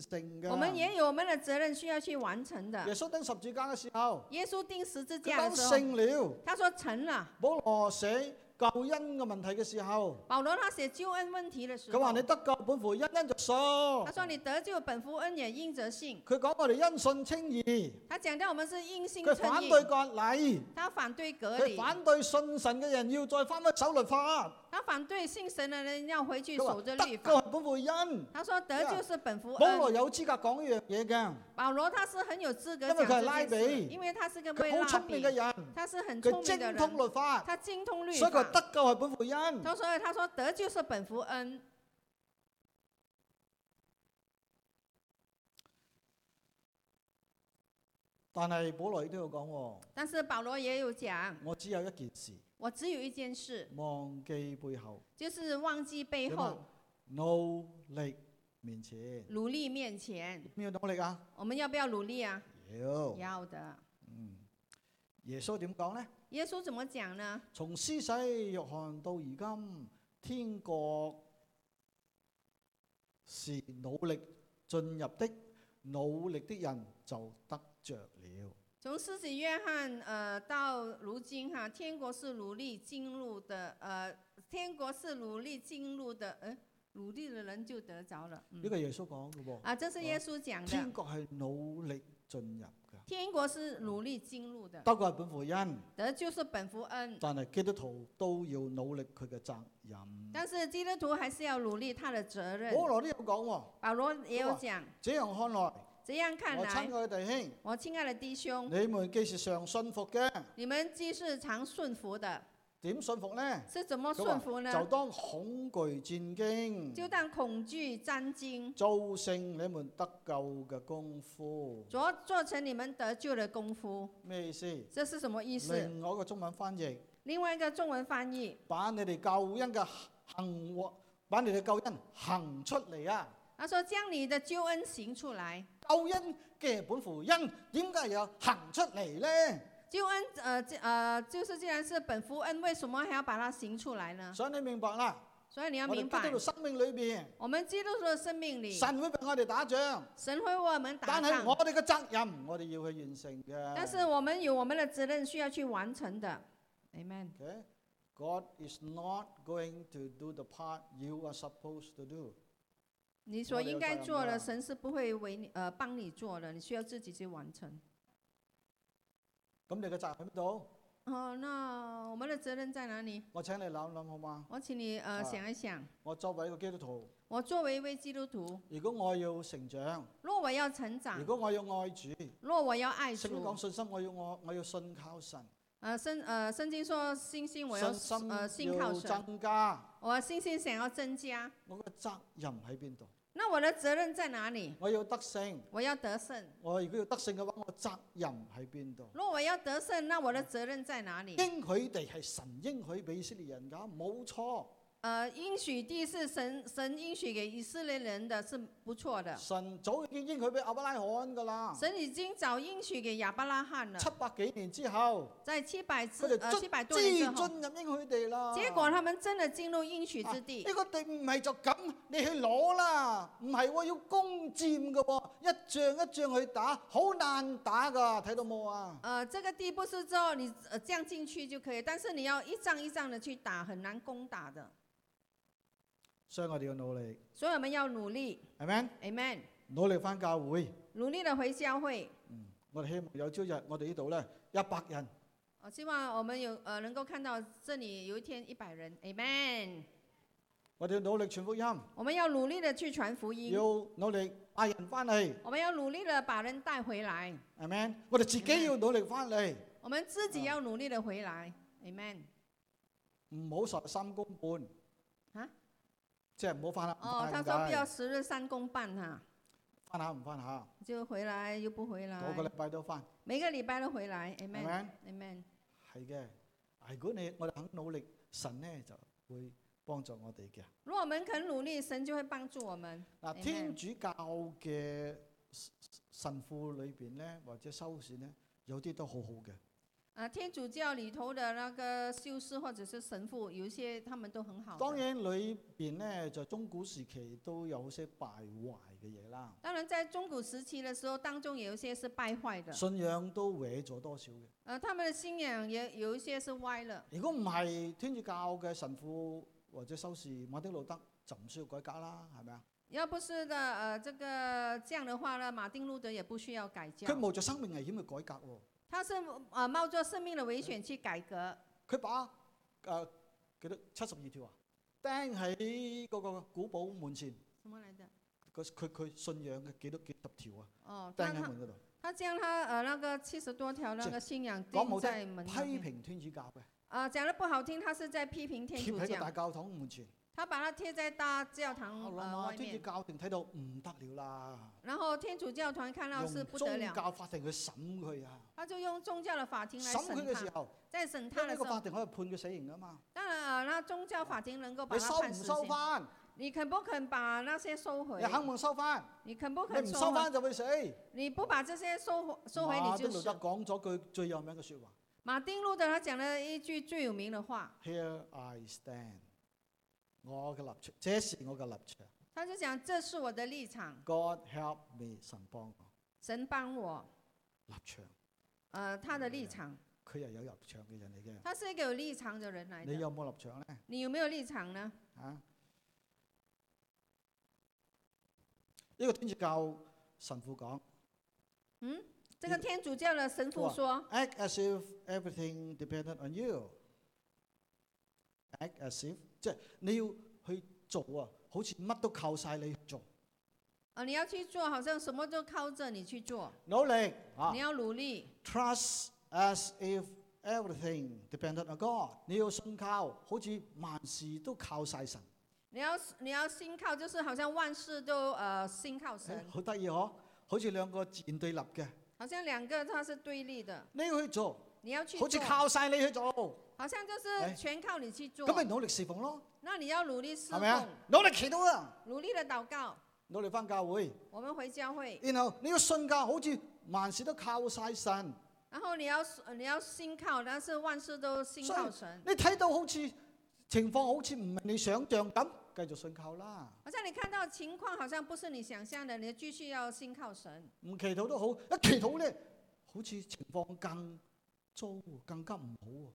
成嘅。我們也有我們的責任需要去完成的。耶穌釘十字架嘅時候，耶穌釘十字架嗰陣，成了，他說成了，保羅死。救恩嘅問題嘅時候，保羅他寫救恩問題嘅時候，佢話你得救本乎恩因着信，他說你得救本乎恩也因着信，佢講我哋因信稱義，他講到我們是因信稱義，佢反對割禮，他反對割禮，反對，反對信神嘅人要再翻翻守律法。他反對信神的人要回去守着律法。德是他說得救是本乎恩。保羅有資格講，保羅他是很有資格講因。因為他是個未拉比。他是很聰,聰明的人。他精通律法。他精通律法。所以他說他說得救是本乎恩。但係保羅都有講喎、哦。但是保羅也有講。我只有一件事。我只有一件事。忘記背後。就是忘記背後。努力面前。努力面前。咩要努力啊？我們要不要努力啊？要。要的。嗯。耶穌點講咧？耶穌怎麼講呢？從施洗約翰到而今，天國是努力進入的，努力的人就得。着了。從子約翰，呃到如今哈，天國是努力進入的，呃天國是努力進入的，誒、呃，努力的人就得着了。呢個耶穌講嘅喎。啊，這是耶穌講的，天國係努力進入嘅。天國是努力進入的。德個係本福音。德、嗯、就是本福音。但係基督徒都要努力佢嘅責任。但是基督徒還是要努力他的責任。保羅都有講，保羅也有講。這、哦、樣看來。這樣看來，我，我親愛的弟兄，你們既是常順服嘅，你們既是常順服的，點順服呢？係怎麼順服呢？就當恐懼戰驚，就當恐懼戰驚，造成你們得救嘅功夫，做做成你們得救嘅功夫，咩意思？這是什麼意思？另一個中文翻譯，另外一個中文翻譯，把你哋救恩嘅行，把你哋救恩行出嚟啊！他說：將你的救恩行出來。救恩嘅本福音，點解要行出嚟咧？救恩，誒、誒，就是，既然是本福音，為什麼還要把它行出來呢？所以你明白啦。所以你要明白喺呢條生命裏邊。我們基督徒嘅生命裏。神會俾我哋打仗。神會為我們打仗。但係我哋嘅責任，我哋要去完成嘅。但是我們有我們嘅責任需要去完成的，阿門。你所應該做的，神是不會為你呃，幫你做的，你需要自己去完成。咁你嘅責任喺邊度？哦，那我們的責任在哪裡？我請你諗諗好嗎？我請你呃想一想。我作為一個基督徒。我作為一位基督徒。如果我要成長。若我要成長。如果我要愛主。若我要愛主。先講信心，我要我我要信靠神。呃，聖呃聖經說信心我要信呃信靠神。要增加。我信心想要增加。我嘅責任喺邊度？那我的責任在哪裏？我要得勝，我要得勝。我如果要得勝嘅話，我責任喺邊度？若我要得勝，那我的責任在哪裏？應許地係神應許俾以色列人噶，冇錯。呃，應許地是神，神應許給以色列人的，是不錯的。神早已應應許俾亞伯拉罕噶啦。神已經早應許給亞伯拉罕了。七百幾年之後。在七百至，呃、七百多年之後。佢哋真真進入應許地啦。結果他們真的進入應許之地。呢、啊，這個地唔係就咁，你去攞啦，唔係、哦、要攻佔嘅喎、哦，一仗一仗去打，好難打噶，睇到冇啊？誒、呃，這個地不是做你這樣進去就可以，但是你要一仗一仗的去打，很難攻打的。所以我哋要努力，所以我們要努力，係咪？Amen。努力翻教會，努力地回教會。嗯、我哋希望有朝日，我哋呢度咧一百人。我希望我們有誒、呃、能夠看到，這裏有一天一百人。Amen。我哋要努力傳福音，我們要努力地去傳福音，要努力嗌人翻嚟。我們要努力地把人帶回來，係咪？我哋自己要努力翻嚟、啊啊，我們自己要努力地回來。Amen、啊。唔好十三公半。吓？即係唔好翻啦！哦，他說必要十日三公半哈啊。翻下唔翻下？就回來又不回來。每個禮拜都翻。每個禮拜都回來。Amen，Amen，Amen？Amen。係嘅，如果你我哋肯努力，神呢就會幫助我哋嘅。如果我們肯努力，神就會幫助我們。嗱，天主教嘅神父裏邊呢，或者修士呢，有啲都好好嘅。啊，天主教裏頭嘅那個修士或者是神父，有一些他們都很好。當然裏邊呢，在、就是、中古時期都有些敗壞嘅嘢啦。當然，在中古時期嘅時候當中，有一些是敗壞嘅。信仰都毀咗多少嘅？啊，他們嘅信仰也有一些是歪啦。如果唔係天主教嘅神父或者修士馬丁路德就唔需要改革啦，係咪啊？要不是嘅，誒、呃，這個這樣的話呢，馬丁路德也不需要改革。佢冒着生命危險去改革喎，哦。他是啊冒着生命的危險去改革。佢把啊幾多七十二條啊釘喺嗰個古堡門前。什麼來的？佢佢佢信仰嘅幾多幾十條啊？哦。釘喺門嗰度。他將他呃那個七十多條那個信仰釘在門。批評天主教嘅。啊、呃，講得不好聽，他是在批評天主教。喺大教堂門前。他把它貼在大教堂教廷，睇到唔得了外面。然後天主教團看到是不得了。用宗教法庭去審佢啊。他就用宗教的法庭來審佢。嘅，在審他，他的時候，呢個法庭可以判佢死刑噶嘛？當然那宗教法庭能夠把他判死刑。你肯不肯把那些收回？你肯唔肯收翻？你肯不肯收翻？就會死。你不把這些收回，收，收，收回你就是。馬丁路德講咗句最有名嘅說話。馬丁路德，他講了一句最有名嘅話。Here I stand. 我嘅立場，這是我嘅立場。他就想，這是我的立場。God help me，神幫我。神幫我。立場。啊、呃，他的立場。佢、嗯、又有立場嘅人嚟嘅。他是一個有立場嘅人嚟嘅。你有冇立場咧？你有冇立場呢？啊？呢、這個天主教神父講。嗯？這個天主教嘅神父說。Act as if everything depended on you. Act as if. 即係你要去做啊，好似乜都靠晒你去做。啊，你要去做，好像什麼都靠著你去做。努力，你要努力。Trust as if everything depended on God。你要信靠，好似萬事都靠晒神。你要你要信靠，就是好像萬事都誒、uh、信靠神。好得意呵，好似、哦、兩個自然對立嘅。好像兩個，它是對立的。你要去做，你要去，好似靠晒你去做。好像就是全靠你去做，咁、哎、咪努力侍奉咯。那你要努力侍奉，係咪啊？努力祈禱啊！努力的禱告，努力返教會。我們回教會。然後你要信教，好似萬事都靠晒神。然後你要你要信靠，但是萬事都信靠神。你睇到好似情況好似唔係你想象咁，繼續信靠啦。好像你看到情況好像不是你想象的，你繼續要信靠神。唔祈禱都好，一祈禱咧，好似情況更糟，更加唔好。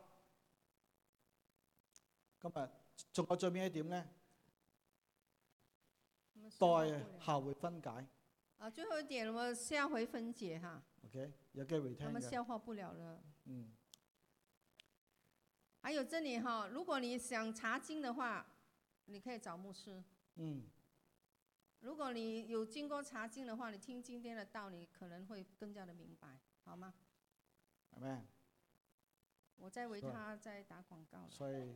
今日仲有最尾一點呢，待下回分解。啊，最後一點，我下回分解哈。OK。有機會聽他們消化不了了。嗯。還有這裡哈，如果你想查經的話，你可以找牧師。嗯。如果你有經過查經的話，你聽今天的道理可能會更加的明白，好嗎？Amen。我在為他再打廣告。So，所以。